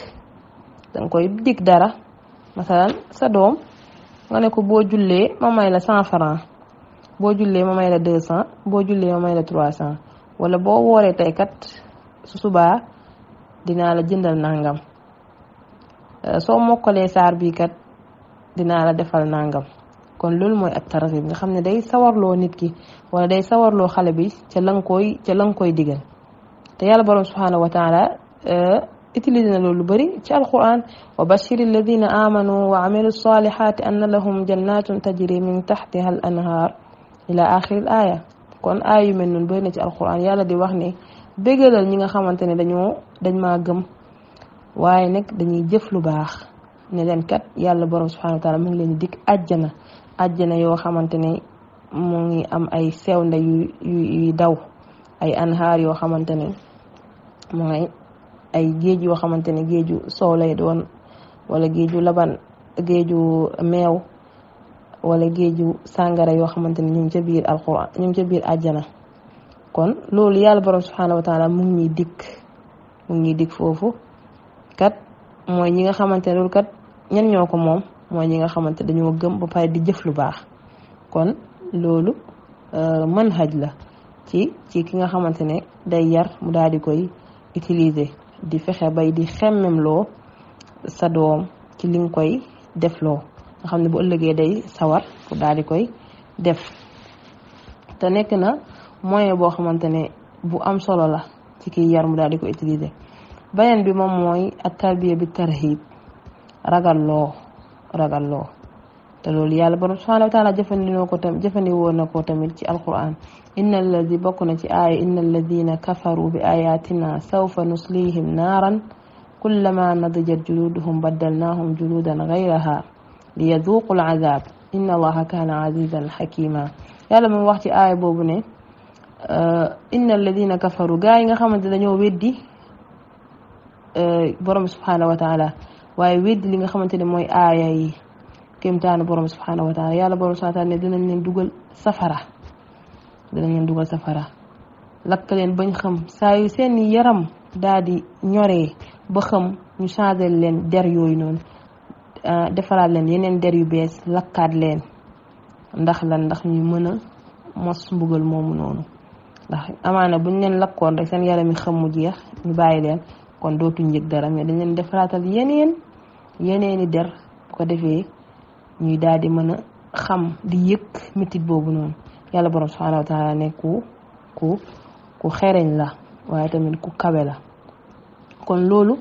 danga koy dikk dara masalan sa doom nga ne ko boo jullee ma may la cent franc boo jullee ma may la deux cent boo jullee ma may trois cent wala boo wooree tey kat su subaa dinaa la jëndal nangam euh, soo mokkolee saar bii kat dinaa la defal nangam kon loolu mooy ak tarasib nga xam ne day sawarloo nit ki wala day sawarloo xale bi ca la nga koy ca koy digal te yàlla borom subhaanahu wa euh, اتلدنا لولبري تي القران وبشر الذين امنوا وعملوا الصالحات ان لهم جنات تجري من تحتها الانهار الى اخر الايه كون ايه من نون تي القران يالا دي واخني دغالال نيغا خامتاني دانيو دنج ما گم واي نك دانيي جيف لو باخ نلن كات يالا بروم سبحانه وتعالى مون لين ديك اجانا اجانا يو خامتاني موغي ام اي سيو نداي يي داو اي انهار يو خامتاني موغي ay géej yoo xamante ne géeju soow lay doon wala géeju laban géeju meew wala géeju sàngara yoo xamante ne ñu ca biir alquran ñu ngi ca biir àjjana kon loolu yàlla borom subhanahu wa taala mu ngi ñuy dikk mu ngi ñuy dikk foofu kat mooy ñi nga xamante ne kat ñen ñoo ko moom mooy ñi nga xamante dañoo gëm ba pare di jëf lu baax kon loolu euh, manhaj la ci ci ki nga xamante ne day yar mu daal di koy utiliser di fexe bay di xemmemloo sa doom ci li koy defloo nga xam ne bu ëllëgee day sawar pour daal di koy def te nekk na moyen boo xamante ne bu am solo la ci kiy yar mu daal di ko utiliser beneen bi moom mooy at tarbiya bi tarhib ragalloo ragalloo لول يا لبرم سبحانه وتعالى جفني نقطم جفني ونقطم في القرآن إن الذي بكون في آية إن الذين كفروا بآياتنا سوف نصليهم نارا كلما نضجت جلودهم بدلناهم جلودا غيرها ليذوقوا العذاب إن الله كان عزيزا حكيما يا لما وقت آية بوبني إن الذين كفروا قاعد خمد دنيو ودي برم سبحانه وتعالى واي ود لي آية kéemtaanu borom subhanahu wa taala yàlla borom subhanahu wa taala ne dinañ leen dugal safara dinañ leen dugal safara lakk leen bañ xam saa yu seen yaram daal di ñoree ba xam ñu changé leen der yooyu noonu defaraat leen yeneen der yu bees lakkaat leen ndax lan ndax ñu mën a mos mbugal moomu noonu ndax amaana buñ leen lakkoon rek seen yaram yi xam mu jeex ñu bàyyi leen kon dootuñ yëg dara mais dañ leen defaraatal yeneen yeneeni der bu ko defee ñuy daal di mën a xam di yëg mitit boobu noonu yàlla borom subhanahu wa taala ne ku ku ku xereñ la waaye tamit ku kawe la kon loolu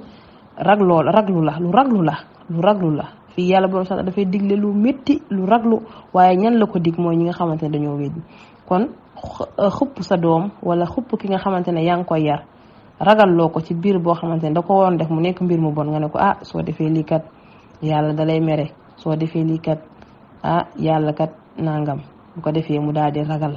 raglola raglu la lu raglu la lu raglu la fii yàlla borom subhanahu dafay digle lu métti lu raglu waaye ñan la ko dig mooy ñi nga xamante ne dañoo wéddi kon euh, xupp sa doom wala xupp ki nga xamante ne yaa ngi koy yar ragal loo ko ci biir boo xamante ne da ko waroon def mu nekk mbir mu bon nga ne ko ah soo defee lii kat yàlla da mere soo defee lii kat ah yàlla kat nangam bu ko defee mu daal di ragal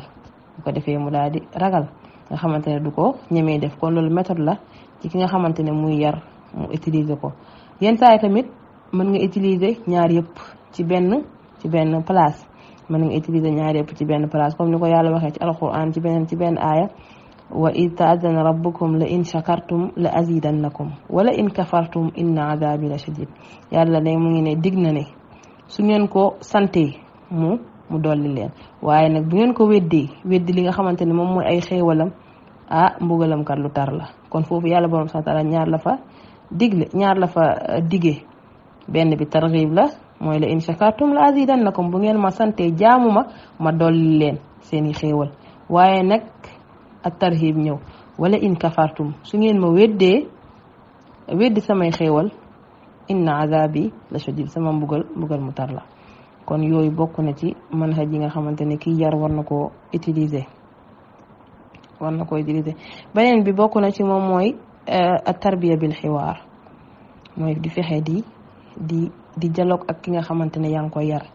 bu ko defee mu daal di ragal nga xamante ne du ko ñemee def ko loolu méthode la ci ki nga xamante ne muy yar mu utiliser ko yen saa yi tamit mën nga utiliser ñaar yëpp ci benn ci benn place mën nga utiliser ñaar yëpp ci benn place comme ni ko yàlla waxee ci alquran ci beneen ci benn aaya wa id taadana rabbukum la in shakartum la azidannakum wala in kafartum inna azabi la shadid yàlla day mu ngi ne dig na ne su ngeen ko santee mu mu dolli leen waaye nag bu ngeen ko weddee weddi li nga xamante ne moom mooy ay xéewalam ah mbugalamkat lu tar la kon foofu yàlla borom santala ñaar la fa digle ñaar la fa eh, digee benn bi tar tarxiib la mooy la in shakartum la azidannakum bu ngeen ma santee jaamu ma ma dolli leen seeni xéewal waaye nag ak tarxiib ñëw wala in kafartum su ngeen ma weddee weddi samay xéewal inna azabi la shadid sama mbugal mbugal mu tar la kon yoy bokku na ci man xaj yi nga xamante ki yar war na utiliser war na utiliser benen bi bokku na ci mom moy eh, at tarbiya bil hiwar moy di fexé di di di dialogue ak ki nga xamante yang ko yar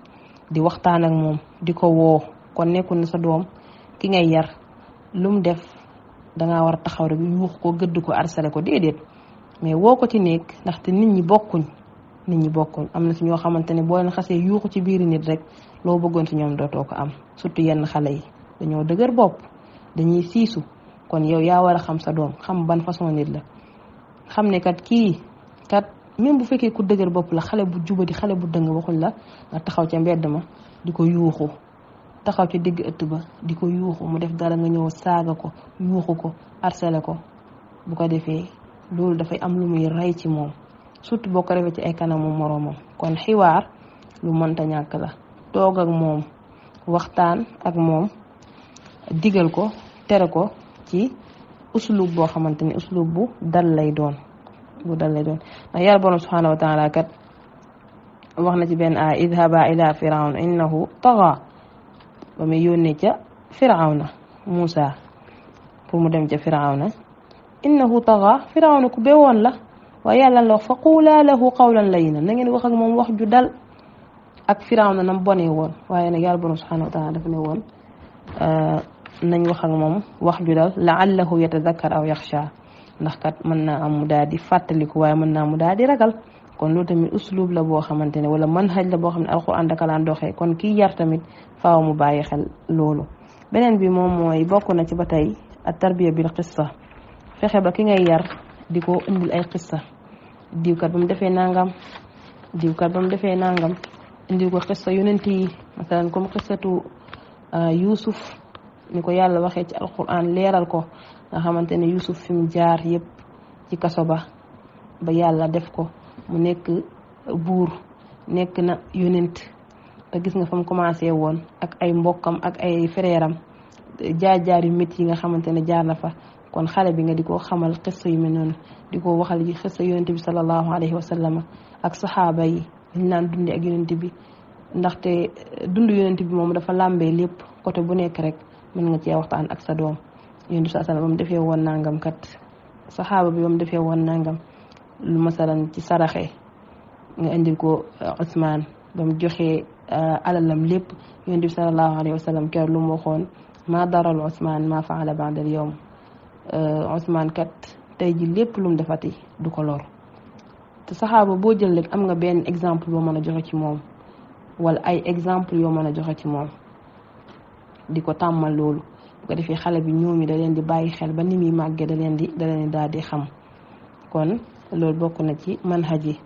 di waxtaan ak mom di ko wo kon nekul na sa dom ki ngay yar lum def da nga war taxaw rek wax ko gëdd ko arsalé ko déedéet mais woo ko ci nekk ndaxte nit ñi bokkuñ nit ñi bokkuñ am na si ñoo xamante ne boo leen xasee yuuxu ci biir nit rek loo bëggoon si ñoom dootoo ko am surtout yenn xale yi dañoo dëgër bopp dañuy siisu kon yow yaa war a xam sa doom xam ban façon nit la xam ne kat kii kat même bu fekkee ku dëgër bopp la xale bu jubadi xale bu dëng waxuñ la nga taxaw ca mbedd ma di ko yuuxu taxaw ca digg ëtt ba di ko yuuxu mu def dara nga ñëw saaga ko yuuxu ko harcelé ko bu ko defee loolu dafay am lu muy rey ci moom surtout boo ko defee ci ay kanamu moroomam kon xiwaar lu mënta ñàkk la toog ak moom waxtaan ak moom digal ko tere ko ci uslub boo xamante ni uslub bu dal lay doon bu dal lay doon ndax yàlla borom subhaanahu wa wax na ci benn a idhaba ila firawn innahu taxa ba muy yónnee ca firawna Moussa pour mu dem ca firawna innahu taxa firawna ku bewoon la waaye yàlla la wax fa quulaa lahu qawlan layyinan na ngeen wax ak moom wax ju dal ak firawna nam bonee woon waaye nag yàlla borom subhanahu wa taala daf ne woon nañ wax ak moom wax ju dal laallahu yatadakkar aw yaxsha ndax kat mën naa am mu daal di fàttaliku waaye mën naa mu daal di ragal kon loolu tamit uslub la boo xamante ne wala manhaj la boo xam ne alquran daka laan doxee kon kii yar tamit faaw mu bàyyi xel loolu beneen bi moom mooy bokk na ci ba tey at tarbiya bil qissa fexe ba ki ngay yar di ko indil ay xissa diwkat ba mu defee nangam diwkat ba mu defee nangam indil ko xissa yonent yi masalan comme xissatu euh, Yuusuf ni ko yàlla waxee ci alquran leeral ko nga xamante ne Yuusuf fi mu jaar yépp ci kaso ba ba yàlla def ko mu nekk buur nekk na yonent te gis nga fa mu commencé woon ak ay mbokkam ak ay frèram jaar jaar yu métti yi nga xamante ne jaar na fa kon xale bi nga di ko xamal xissa yu mel noonu di ko waxal yi xissa yonente bi salallahu alayhi wasallama ak sahaba yi liñ naan dundi ak yonente bi ndaxte dund yonente bi moom dafa làmbee lépp côté bu nekk rek mën nga cee waxtaan ak sa doom yonente bi saa sallam ba mu defee woon nangam kat sahaba bi ba mu defee woon nangam lu masalan ci saraxe nga indil ko usman bam joxe alalam lépp yonente bi salallahu alayhi wa sallam keroog lu mo xon ma daral Ousmane ma faala ba'da al yawm Euh, Ousmane kat tey ji lépp lu mu defati du ko lor te saxaaba boo jël rek am nga benn exemple yoo mën a joxe ci moom wala ay exemple yoo mën a joxe ci moom di ko tàmmal loolu bu ko defee xale bi ñoom yi da leen di bàyyi xel ba ni muy màggee da leen di da leen daal di xam kon loolu bokk na ci manhaj yi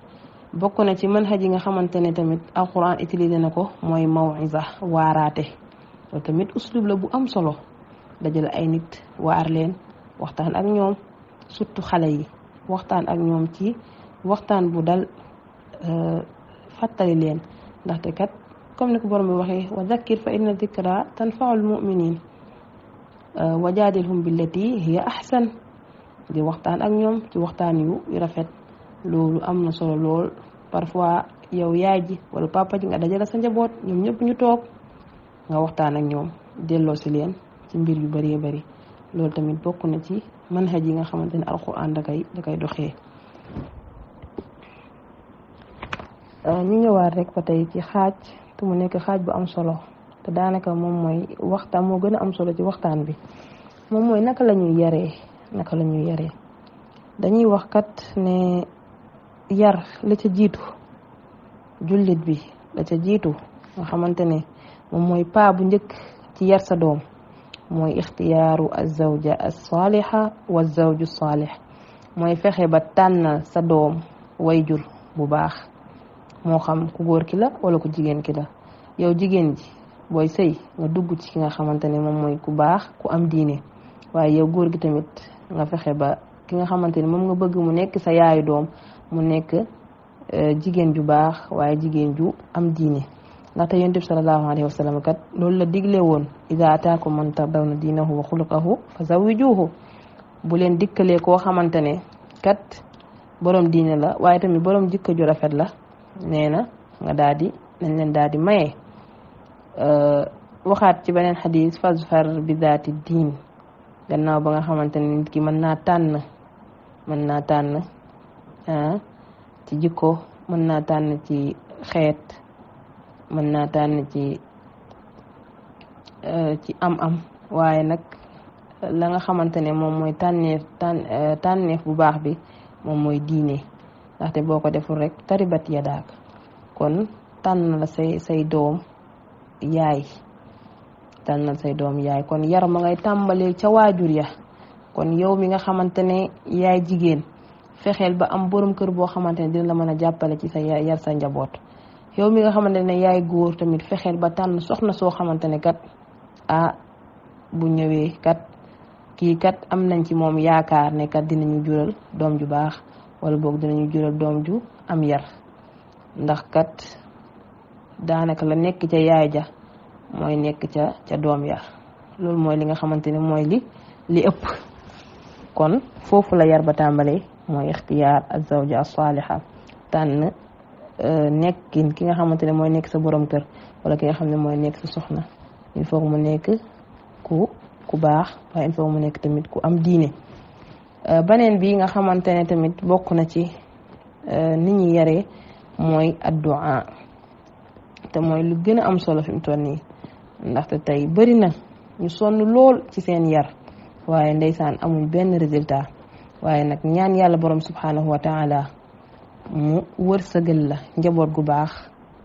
bokk na ci manhaj yi nga xamante ne tamit alquran utilisé na ko mooy mawisa waaraate loolu tamit uslub la bu am solo da jël ay nit waar leen waxtaan ak ñoom surtout xale yi waxtaan ak ñoom ci waxtaan bu dal fàttali leen ndaxte kat comme ni ko borom bi waxee wa zakkir fa inna zikra tanfaul muminin wa jaadilhum billati hiya ahsan di waxtaan ak ñoom ci waxtaan yu rafet loolu am na solo lool parfois yow yaay ji wala papa ji nga dajala sa njaboot ñoom ñëpp ñu toog nga waxtaan ak ñoom delloo si leen ci mbir yu bëree bëri loolu tamit bokk na ci manhaj yi nga xamante ne alxuraan da koy da koy doxe euh, ñu ñëwaat rek ba tey ci xaaj te nekk xaaj bu am solo te daanaka moom mooy waxtaan moo gën a am solo ci waxtaan bi moom mooy naka la ñuy yaree naka la ñuy yaree dañuy wax kat ne yar la ca jiitu jullit bi la ca jiitu nga xamante ne moom mooy paa bu njëkk ci yar sa doom mooy ixtiyaaru azawja assaaliha wa zawju saalih mooy fexe ba tànnal sa doom way jur bu baax moo xam ku góor ki la wala ku jigéen ki la yow jigéen ji booy sëy nga dugg ci ki nga xamante ne moom mooy ku baax ku am diine waaye yow góor gi tamit nga fexe ba ki nga xamante ni moom nga bëgg mu nekk sa yaayu doom mu nekk euh, jigéen ju baax waaye jigéen ju am diine ndaxte yonent bi sallallahu alayhi wa kat loolu la digle woon ida ataakum man tardawna diinahu wa xuluqahu fa zawijuhu bu leen dikkalee koo xamante ne kat borom diine la waaye tamit borom jikko ju rafet la nee na nga daal di nañ leen daal di maye waxaat ci beneen xadis fasfar bi daati diin gannaaw ba nga xamante ne nit ki mën naa tànn mën naa tànn ah, ci jikko mën naa tànn ci xeet mën naa tànn ci euh, ci am-am waaye nag la nga xamante ne moom mooy tànneef euh, tànneef bu baax bi moom mooy diine ndaxte boo ko deful rek taribat ya daag kon tànn la say say doom yaay tànnal say doom yaay kon yar ma ngay tàmbalee ca waajur ya kon yow mi nga xamante ne yaay jigéen fexeel ba am borom kër boo xamante ne dina la mën a jàppale ci sa yar sa njaboot yow mi nga xamante ne yaay góor tamit fexeel ba tànn soxna soo xamante ne kat ah bu ñëwee kat kii kat am nañ ci moom yaakaar ne kat dinañu jural doom ju baax wala boog dinañu jural doom ju am yar ndax kat daanaka la nekk ca yaay ja mooy nekk ca ca doom ya loolu mooy li nga xamante ne mooy li li ëpp kon foofu la yar ba tàmbalee mooy ixtiyaar azawja as-saaliha tànn Euh, nekkin ki nga xamante ne mooy nekk sa borom kër wala ki nga xam ne mooy nekk sa soxna il faut mu nekk ku ku baax waaye il faut mu nekk tamit ku am diine euh, baneen bi nga xamante ne tamit bokk na ci euh, nit ñi yaree mooy addu'a te mooy lu gën a am solo fi mu toll nii ndaxte tey bëri na ñu sonn lool ci seen yar waaye ndeysaan amuñ benn résultat waaye nag ñaan yàlla borom subhanahu wa mu wërsëgal la njaboot gu baax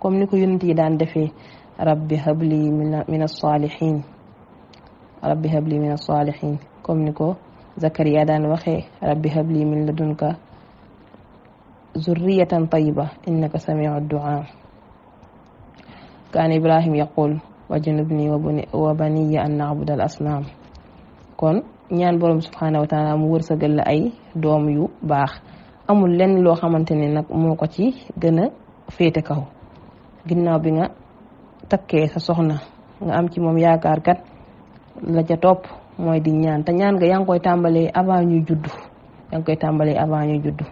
comme ni ko yonent yi daan defee rabbi habli min asalihin rabbi habli min asalihin comme ni ko zakariya daan waxee rabbi habli min ladunka zurriyatan tayiba innaka samiu duaa kaana ibrahim yaqul wajanubni wa baniya an nacbuda al asnaam kon ñaan borom subhanahu wa taala mu wërsëgal la ay doom yu baax amul lenn loo xamante ne nag moo ko ci gën féete kaw ginnaaw bi nga takkee sa soxna nga am ci moom yaakaar kat la ca topp mooy di ñaan te ñaan nga yaa ngi koy tàmbalee avant ñuy juddu yaa koy tàmbalee avant ñuy juddu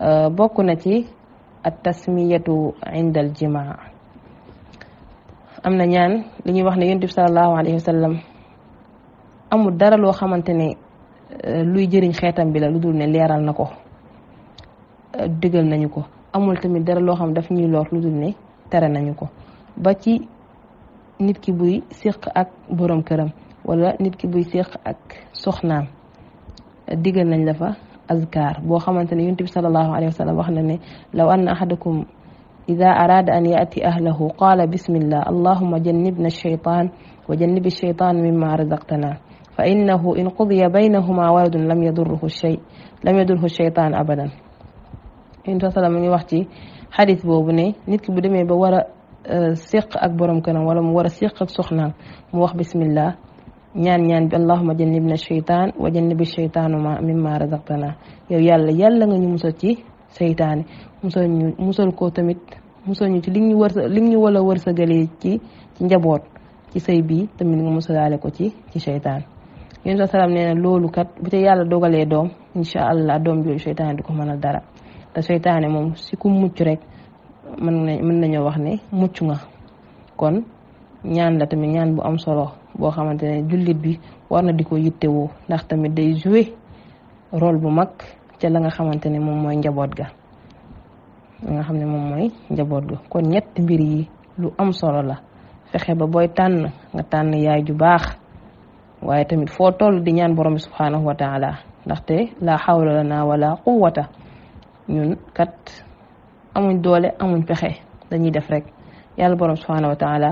euh, bokk na ci at tasmiyatu indal jimaa am na ñaan li ñuy wax ne yonent bi sallallahu alayhi amul dara loo xamante ne euh, luy jëriñ xeetam bi la lu dul ne leeral na ko digal nañu ko amul tamit dara loo xam daf ñuy lor lu dul ne tere nañu ko ba ci nit ki buy séq ak borom këram wala nit ki buy séq ak soxnaam digal nañ la fa azkar boo xamante ne yonent bi salallahu alayhi wa sallam wax na ne law anna ahadakum إذا أراد أن يأتي أهله قال بسم الله اللهم جنبنا الشيطان وجنب الشيطان مما رزقتنا فإنه إن قضي بينهما ولد لم يضره الشيء لم يضره shaytan abadan yonent salaam mi ngi wax ci xadis boobu ne nit ki bu demee ba war a séq ak borom kanam wala mu war a séq ak soxnaam mu wax bismillah ñaan ñaan bi allahuma jannibna sheytaan wa jannibi sheytaanu ma mimma razaqtana yow yàlla yàlla nga ñu musal ci seytaane musal ñu musal ko tamit musal ñu ci li ñu war li ñu wala wërsëgalee ci ci njaboot ci sëy bii tamit nga musalaale ko ci ci seytaan yonent salaam nee na loolu kat bu ca yàlla dogalee doom incha allah doom jooju seytaane du ko mënal dara te seytaane moom si ku mucc rek mën na mën wax ne mucc nga kon ñaan la tamit ñaan bu am solo boo xamante ne jullit bi war na di ko yittewoo ndax tamit day jouer rôle bu mag ca la nga xamante ne moom mooy njaboot ga nga xam ne moom mooy ga kon ñett mbir yi lu am solo la fexe ba booy tànn nga tànn yaay ju baax waaye tamit foo toll di ñaan borom bi subhanahu wa taala ndaxte la xawla lana wala wata ñun kat amuñ doole amuñ pexe dañuy def rek yàlla borom subhanahu wa taala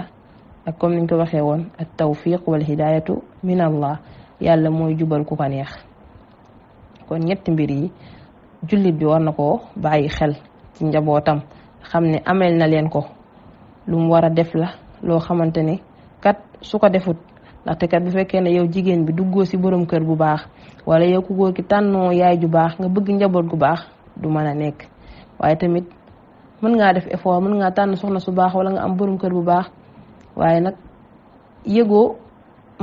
comme niñ ko waxee woon at tawfiq wal hidayatu min allah yàlla mooy jubal ku ko neex kon ñetti mbir yi jullit bi war na koo bàyyi xel ci njabootam xam ne amel na leen ko lu mu war a def la loo xamante ne kat su ko defut ndaxte kat bu fekkee ne yow jigéen bi duggoo si borom kër bu baax wala yow ku góor ki tànnoo yaay ju baax nga bëgg njaboot gu baax du mën a nekk waaye tamit mën nga def effort mën nga tan soxna su baax wala nga am borom kër bu baax waye nak yego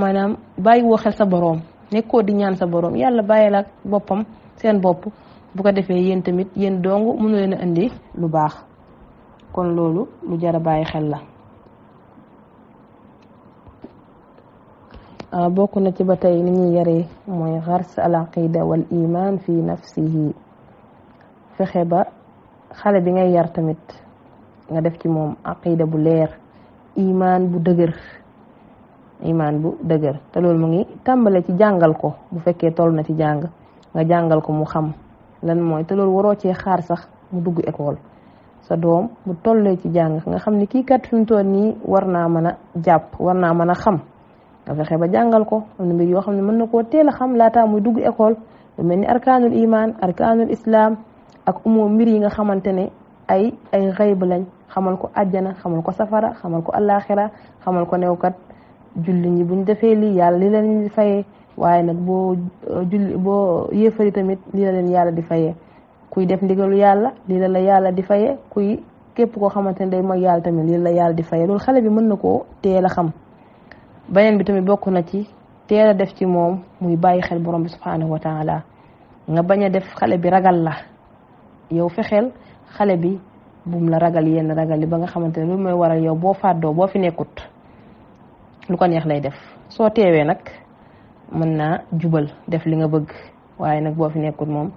manam bayyi wo xel sa boroom nekkoo di ñaan sa borom yalla bàyyi la boppam seen bopp bu ko defee yeen tamit yeen dong mënu leen andi lu baax kon lolu lu jara a xel la ah, bokku na ci batay ni ñuy yare moy al aqida wal iman fi nafsihi fexe ba xale bi ngay yar tamit nga def ci moom aqida bu leer iman bu dëgër iman bu dëgër te loolu mu ngi tàmbale ci jàngal ko bu fekkee toll na ci jàng nga jàngal ko mu xam lan mooy te loolu waroo cee xaar sax mu dugg école sa doom bu tollee ci jàng nga xam ni kii kat fi mu toll nii war naa mën a xam nga fexe ba jàngal ko am na mbir yoo xam ne mën na koo teel a xam laataa muy dugg école lu mel ni arkanul ak umoo mbir yi nga xamante ne ay ay lañ xamal ko àjjana xamal ko safara xamal ko allaaxira xamal ko newkat julli ñi buñ defee lii yàlla leen di waaye nag boo euh, boo yéefari tamit li leen yàlla di fayee kuy def ndigalu yàlla lii la la yàlla di fayee kuy képp koo xamante ne day mooy yàlla tamit lii la yàlla di fayee loolu xale bi mën na koo teel a xam beneen bi tamit bokk na ci teel a def ci moom muy bàyyi xel borom bi subhanahu wa taala nga bañ a def xale bi ragal la yow fexeel xale bi bum la ragal yenn ragal yi ba nga xamante ne loolu mooy waral yow boo fàddoo boo fi nekkut lu ko neex lay def soo teewee nag mën naa jubal def li nga bëgg waaye nag boo fi nekkut moom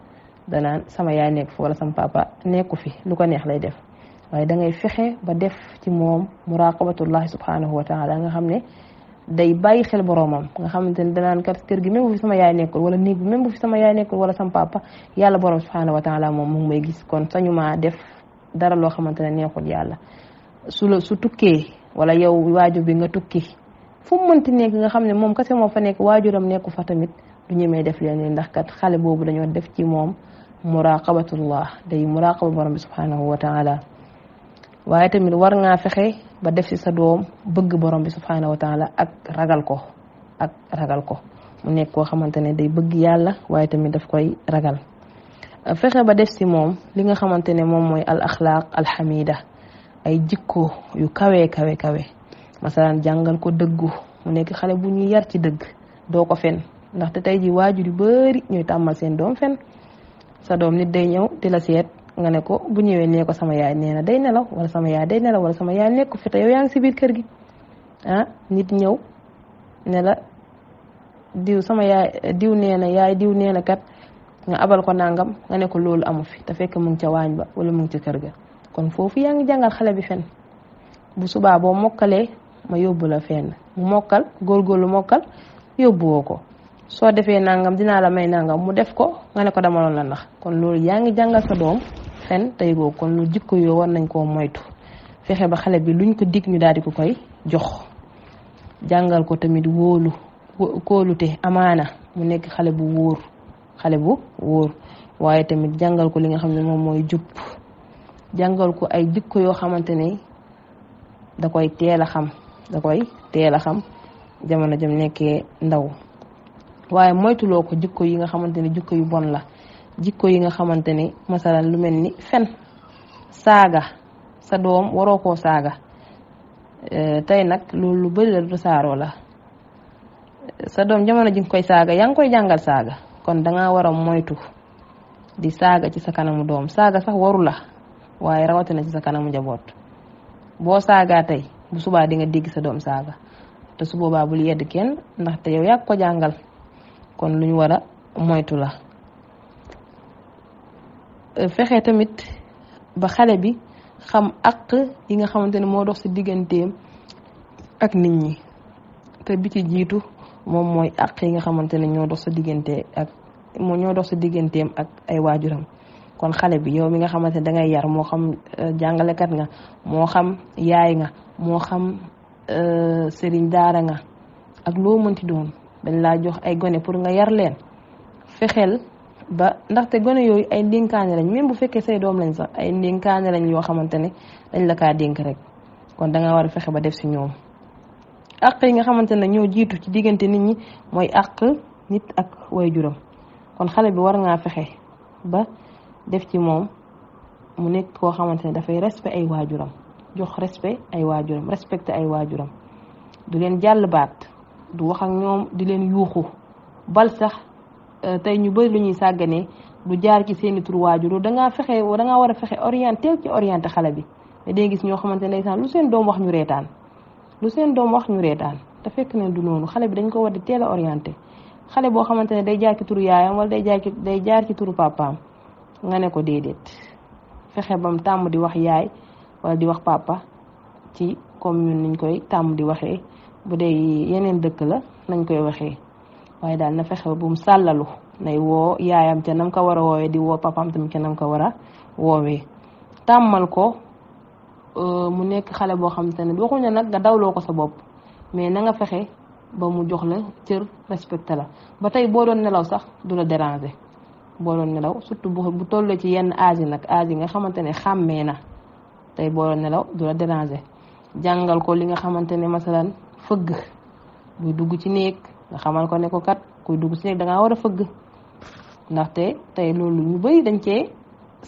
danaan sama yaay nekk fi wala sama papa nekku fi lu ko neex lay def waaye da ngay fexe ba def ci moom muraqabatullahi subhanahu wa taala nga xam ne day bàyyi xel boromam nga xamanteni ne danaan kat kër gi même bu fi sama yaay nekkul wala néeg bi même bu fi sama yaay nekkul wala sama papa yàlla borom subhanahu wa taala mom mo ngi may gis kon sañu maa def dara lo xamanteni neexul yàlla su la su tukke wala yow waju bi nga tukki fu mu mënti nekk nga xamne mom kasse mo moo fa nekk waajuram neeku fa tamit du ñemee def leen ndax kat xale bobu dañu def ci moom muraqabatullah day muraqaba borom subhanahu wa taala waye tamit war nga fexe ba def ci sa doom bëgg borom bi subhanahu wa ta'ala ak ragal ko ak ragal ko mu nekk koo xamantene day bëgg yàlla waaye tamit daf koy ragal fexe ba def ci moom li nga xamantene moom al akhlaq al hamida, ay jikko yu kawe kawe kawe masalan jàngal ko dëggu mu nekk xale bu ñuy yar ci dëgg doo ko fen ndaxte tey ji waajur yu bëri ñooy tàmmal seen doom fen sa doom nit day ñëw di la nga ne ko bu ñëwee nee ko sama yaay nee na day nelaw wala sama yaay day nelaw wala sama yaay nekku fi te yow yaa ngi si kër gi ah, nit ñëw ne la diw sama yaay diw nee na yaay diw nee na kat nga abal ko nangam nga ne ko loolu amu fi te fekk mu ngi ca waañ ba wala mu ngi ci kër ga kon foofu yaa ngi jàngal xale bi fen bu subaa boo mokkalee ma yóbbu la fenn mu mokkal góorgóorlu mokkal yóbbuwoo ko soo defee nangam dinaa la may nangam mu def ko nga ne ko dama loon na ndax kon loolu yaa ngi jàngal sa doom xel teyigoo kon lu jikko yoo war nañ koo moytu fexe ba xale bi luñ ko dig ñu daal di ko koy jox jàngal ko tamit wóolu kóolute amaana mu nekk xale bu wóor xale bu wóor waaye tamit jàngal ko li nga xam ne moom mooy jub jàngal ko ay jikko yoo xamante ne da koy teel a xam da koy teel a xam jamono jam nekkee ndaw waaye moytuloo ko jikko yi nga xamante ne jikko yu bon la jikko yi nga xamante ni masalan lu mel ni fen saaga sa doom waroo koo saaga eh, tey nag loolu lu bëri la du saaroo la eh, sa doom jamono ji koy saaga yaa ngi koy jàngal saaga kon danga war a moytu di saaga ci sa kanamu doom saaga sax waru la waaye rawatina ci sa kanamu njaboot boo saagaa tey bu subaa dinga nga sa doom saaga te su boobaa bul yedd kenn ndaxte yow yaa ko jàngal kon lu ñu war a moytu la Euh, fexe tamit ba xale bi xam àq yi nga xamante ne moo dox ci digganteem ak nit ñi te bi ci jiitu moom mooy àq yi nga xamante ne ñoo dox sa diggante ak moo ñoo dox sa digganteem ak ay waajuram kon xale bi yow mi nga xamante ne dangay yar moo xam euh, jàngale kat nga moo xam yaay nga moo xam euh, sëriñ daara nga ak loo mënti doon dañ laa jox ay gone pour nga yar leen fexeel ba ndaxte gone yooyu ay ndénkaane lañ même bu fekkee say doom lañ sax ay ndénkaane lañ yoo xamante ne dañ la kaa dénk rek kon da nga war a fexe ba def si ñoom àq yi nga xamante ne ñoo jiitu ci diggante nit ñi mooy àq nit ak waajuram kon xale bi war ngaa fexe ba def ci moom mu nekk koo xamante ne dafay respect ay waajuram jox respect ay waajuram respecté ay waajuram du leen jàll baat du wax ak ñoom di leen yuuxu bal sax Euh, tey ñu bëri lu ñuy sàgganee du jaar ci seeni tur waajur da ngaa fexe da ngaa war a fexe orienté ci orienté xale bi mais day gis ñoo xamante ndeysaan lu seen doom wax ñu reetaan lu seen doom wax ñu reetaan te fekk ne du noonu xale bi dañ ko war di orienté xale boo xamante day jaar ci turu yaayam wala day jaar ci day jaar ci turu papaam nga ne ko déedéet fexe bam tàmm di wax yaay wala di wax papa ci commune niñ koy tàmm di waxee bu dee yeneen dëkk la nañ koy waxee waaye daal na fexe bu mu sàllalu nay woo yaayam ca nam ko war a woowee di woo papam tamit ca nam ko war a woowee tàmmal ko euh, mu nekk xale boo xam te ne waxuñu nag nga dawloo ko sa bopp mais nanga fexe ba mu jox la cër respecté la ba tey boo doon nelaw sax du la déranger boo doon nelaw surtout bu bu tollee ci yenn âge yi nag âge yi nga xamante ne xàmmee na tey boo doon nelaw du la déranger jàngal ko li nga xamante ne masalan fëgg buy dugg ci néeg nga xamal ko ne ko kat kuy dugg si nekk da war a fëgg ndaxte tey loolu ñu bëri dañ cee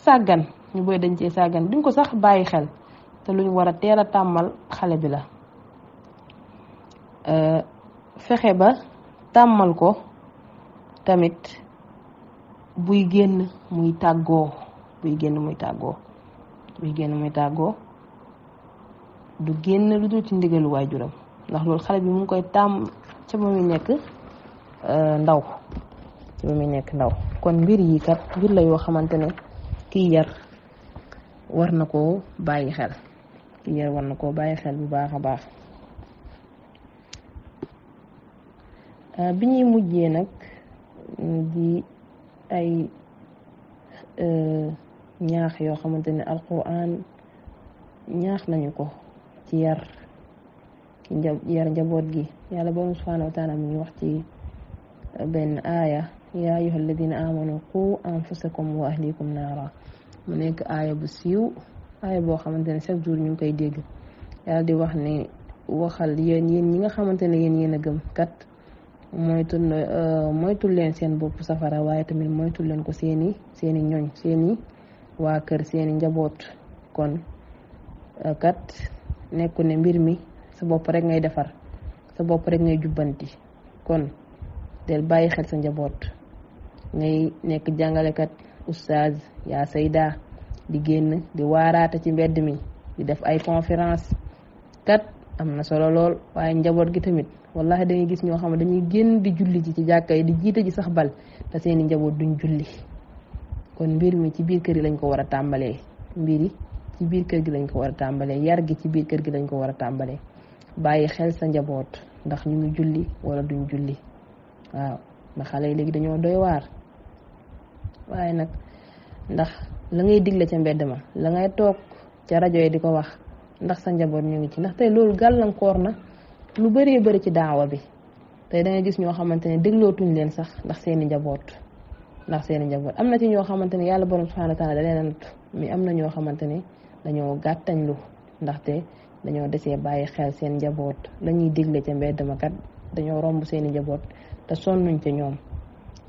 sàggan ñu dañ cee sàggan duñ ko sax bàyyi xel te lu ñu war a teel a tàmmal xale bi la euh, fexe ba tàmmal ko tamit buy génn muy tàggoo buy génn muy tàggoo génn muy tàggoo du génn lu dul ci ndigalu waajuram ndax loolu xale bi mu ngi koy tàmm ca ba muy nekk euh, ndaw ca nekk ndaw kon mbir yi kat mbir la yoo xamante ne kii yar war na koo bàyyi xel kii war na koo bàyyi xel bu baax a baax euh, bi ñuy mujjee nag di ay euh, ñaax yoo xamante ne alquran ñaax nañu ko ci yar ki yar njaboot gi yàlla borom subhanahu wa taala mu ngi wax ci uh, benn aaya yaa ayyuha alladina amanu qu anfusakum wa ahlikum naara mu nekk aaya bu siiw aaya boo xamante ne chaque jour ñu ngi koy dégg yàlla di wax ne waxal yéen yéen ñi nga xamante ne yéen yéen a gëm kat moytu uh, moytul leen seen bopp safara waaye tamit moytul leen ko seeni seeni ñoñ seeni waa kër seeni njaboot kon uh, kat nekku ne mbir mi sa bopp rek ngay defar sa bopp rek ngay jubanti kon del bàyyi xel sa njaboot ngay nekk jàngalekat oustaz yaa sayda di génn di waaraate ci mbedd mi di def ay conférence kat am na solo lool waaye njaboot gi tamit wallahi dañuy gis ñoo xam ne dañuy génn di julli ci ci jàkka di jiite ji sax bal te seeni njaboot duñ julli kon mbir mi ci biir kër gi lañ ko war a tàmbalee mbiri ci biir kër gi lañ ko war a tàmbalee yar gi ci biir kër gi lañ ko war a tàmbalee bàyyi xel sa njaboot ndax ñu ngi julli wala duñ julli waaw ndax xale yi léegi dañoo doy waar waaye nag ndax la ngay digle ca mbedd ma la ngay toog ca rajo yi di ko wax ndax sa njaboot ñu ngi ci ndax tey loolu gàllankoor na lu bëree bëri ci daawa bi tey da ngay gis ñoo xamante ne déglootuñ leen sax ndax seeni njaboot ndax seeni njaboot am na ci ñoo xamante ne yàlla borom subhanahu wa taala da leen a am na ñoo xamante ne dañoo gàttañlu ndaxte dañoo desee bàyyi xel seen njaboot la ñuy digle ca mbedd ma kat dañoo romb seeni njaboot te sonnuñ ca ñoom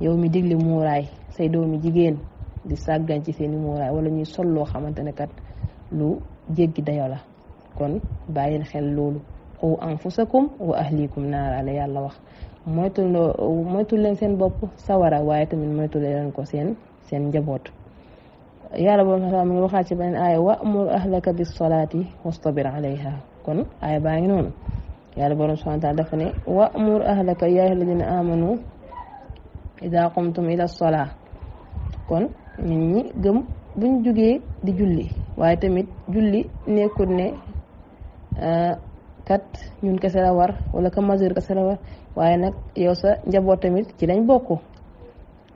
yow mi digle muuraay say doomi jigéen di sàggan ci seen i muuraay wala ñuy sol loo xamante ne kat lu jéggi dayo la kon bàyyil xel loolu xu anfusakum wa ahlikum naara la yàlla wax moytu moytu leen seen bopp sawara waaye tamit moytu leen ko seen seen njaboot yàlla na sax mu ngi waxaat ci beneen aaya wa'mur ahlaka bis-salaati wastabir alayha kon aaya baa ngi noonu yàlla borom subhaanahu wa taala dafa ne wa'mur ahlaka yaa ayyuhal-lazina aamanu idaa qumtum ila salaa kon nit ñi gëm buñ jugee di julli waaye tamit julli nekkul ne kat ñun kese la war wala ka majeur kese la war waaye nag yow sa njaboot tamit ci lañ bokk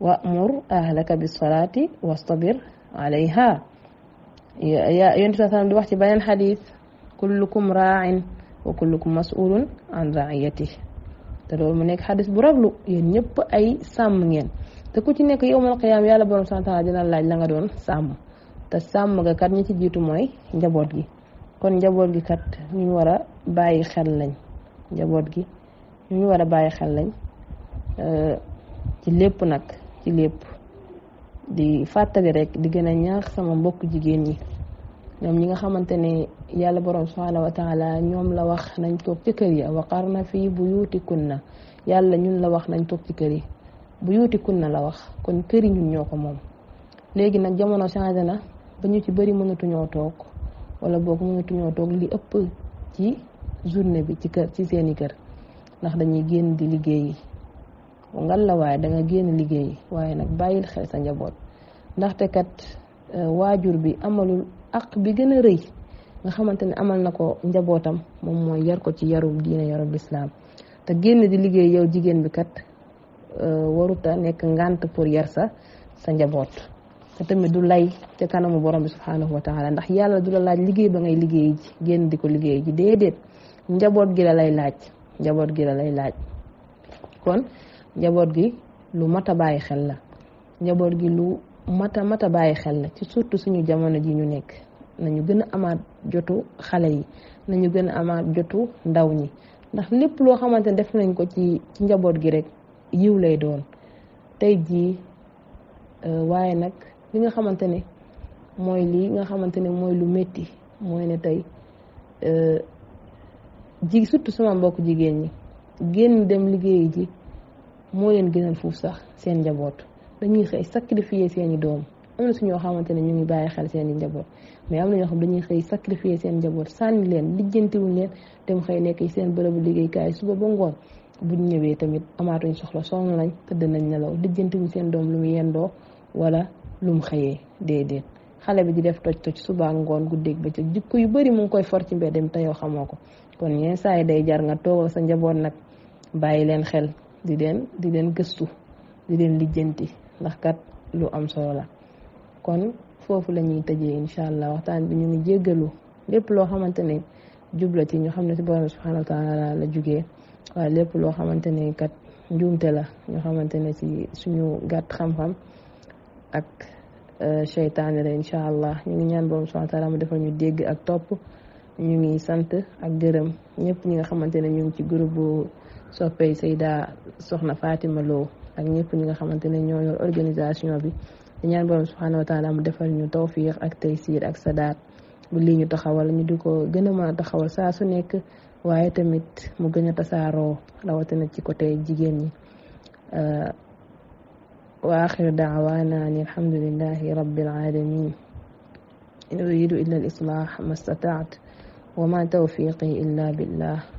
wa'mur ahlaka bis-salaati wastabir alayha yonent bi sallam di wax ci beneen xadis kullukum raain wa kullukum masulun an raiyati te loolu mu nekk xadis bu lu yéen ñëpp ay sàmm ngeen te ku ci nekk yowmal qiyaam yàlla borom subhaanahu wa taala dina laaj la nga doon sàmm te sàmm ga kat ñi ci jiitu mooy njaboot gi kon njaboot gi kat ñu war a bàyyi xel lañ njaboot gi ñu war a bàyyi xel lañ ci lépp nag ci lépp di fàttali rek di gën a ñaax sama mbokk jigéen ñi ñoom ñi nga xamante ne yàlla borom subhaanahu wa taala ñoom la wax nañ toog ci kër yi wa qarna fii na yàlla ñun la wax nañ toog ci kër yi buyutikunna la wax kon kër yi ñun ñoo ko moom léegi nag jamono changé na ba ñu ci bëri mënatuñoo toog wala boog mënatuñoo toog li ëpp ci journée bi ci kër ci seeni kër ndax dañuy génn di liggéey yi ngal la waaye da nga génn liggéey waaye nag bàyyil xel sa njaboot ndaxte kat euh, waajur bi amalul aq bi gën a rëy nga xamante ne amal na ko njabootam moom mooy yar ko ci yarub diine yarub lislaam te génn di liggéey yow jigéen bi kat euh, waruta nekk ngant pour yar sa sa njaboot te tamit du lay te kanamu borom bi subhanahu wa taala ndax yàlla du la laaj liggéey ba ngay liggéey génn di ko liggéey ji déedéet njaboot gi la lay laaj njaboot gi la lay laaj kon njaboot gi lu mat a bàyyi xel la njaboot gi lu mat a mat a bàyyi xel la ci surtout suñu jamono ji ñu nekk nañu gën a amaat jotu xale yi nañu gën a amaat jotu ndaw ñi ndax lépp loo xamante ne def nañ ko ci ci njaboot gi rek yiw lay doon tey jii euh, waaye nag li nga xamante ne mooy lii nga xamante ne mooy lu métti mooy ne tey euh, ji surtout sama mbokk jigéen ñi génn dem liggéeyi ji moo leen gënal fuuf sax seen njaboot dañuy xëy sacrifier seen i doom am na suñoo xamante ne ñu ngi bàyyi xel seen i njaboot mais am na ñoo xam dañuy xëy sacrifier seen njaboot sànni leen lijjantiwuñ leen dem xëy nekk ci seen bërëbu liggéeykaay suba ba ngoon buñ ñëwee tamit amaatuñ soxla sonn nañ tëdd nañ nelaw lijjantiwuñ seen doom lu mu yendoo wala lu mu xëyee déedéet xale bi di def toj toj suba ngoon guddeeg ci jikko yu bëri mu ngi koy for ci mbedd mi te yow xamoo ko kon ñeen saa yi day jar nga toogal sa njaboot nag bàyyi leen xel di leen gëstu di leen lijjanti ndax kat lu am solo la kon foofu la ñuy tëjee incha allah waxtaan bi ñu ngi jéggalu lépp loo xamante ne jubla ci ñu xam ne si borom la jugee lépp loo xamante ne kat njuumte la ñu xamante ne ci suñu gàtt xam-xam ak cheytaani euh, la incha allah ñu ngi ñaan borom subhanahu wa taala ñu dégg ak topp ñu ngi sant ak gërëm ñëpp ñi nga xamante ne ñu ngi ci groupe soppey sayda soxna Fatima Lo ak ñëpp ñi nga xamantene ne ñoo yor organisation bi di ñaan borom subhanahu wa taala mu defal ñu tawfiq ak taysir ak sadaat bu li ñu taxawal ñu diko gëna gën taxawal sa su nekk waye tamit mu gëna a tasaaroo rawatina ci côté jigen ñi wa axiru daawaana an alhamdulilahi rabbil alamin in uridu illa al islaax ma stataat wa ma tawfiqi illa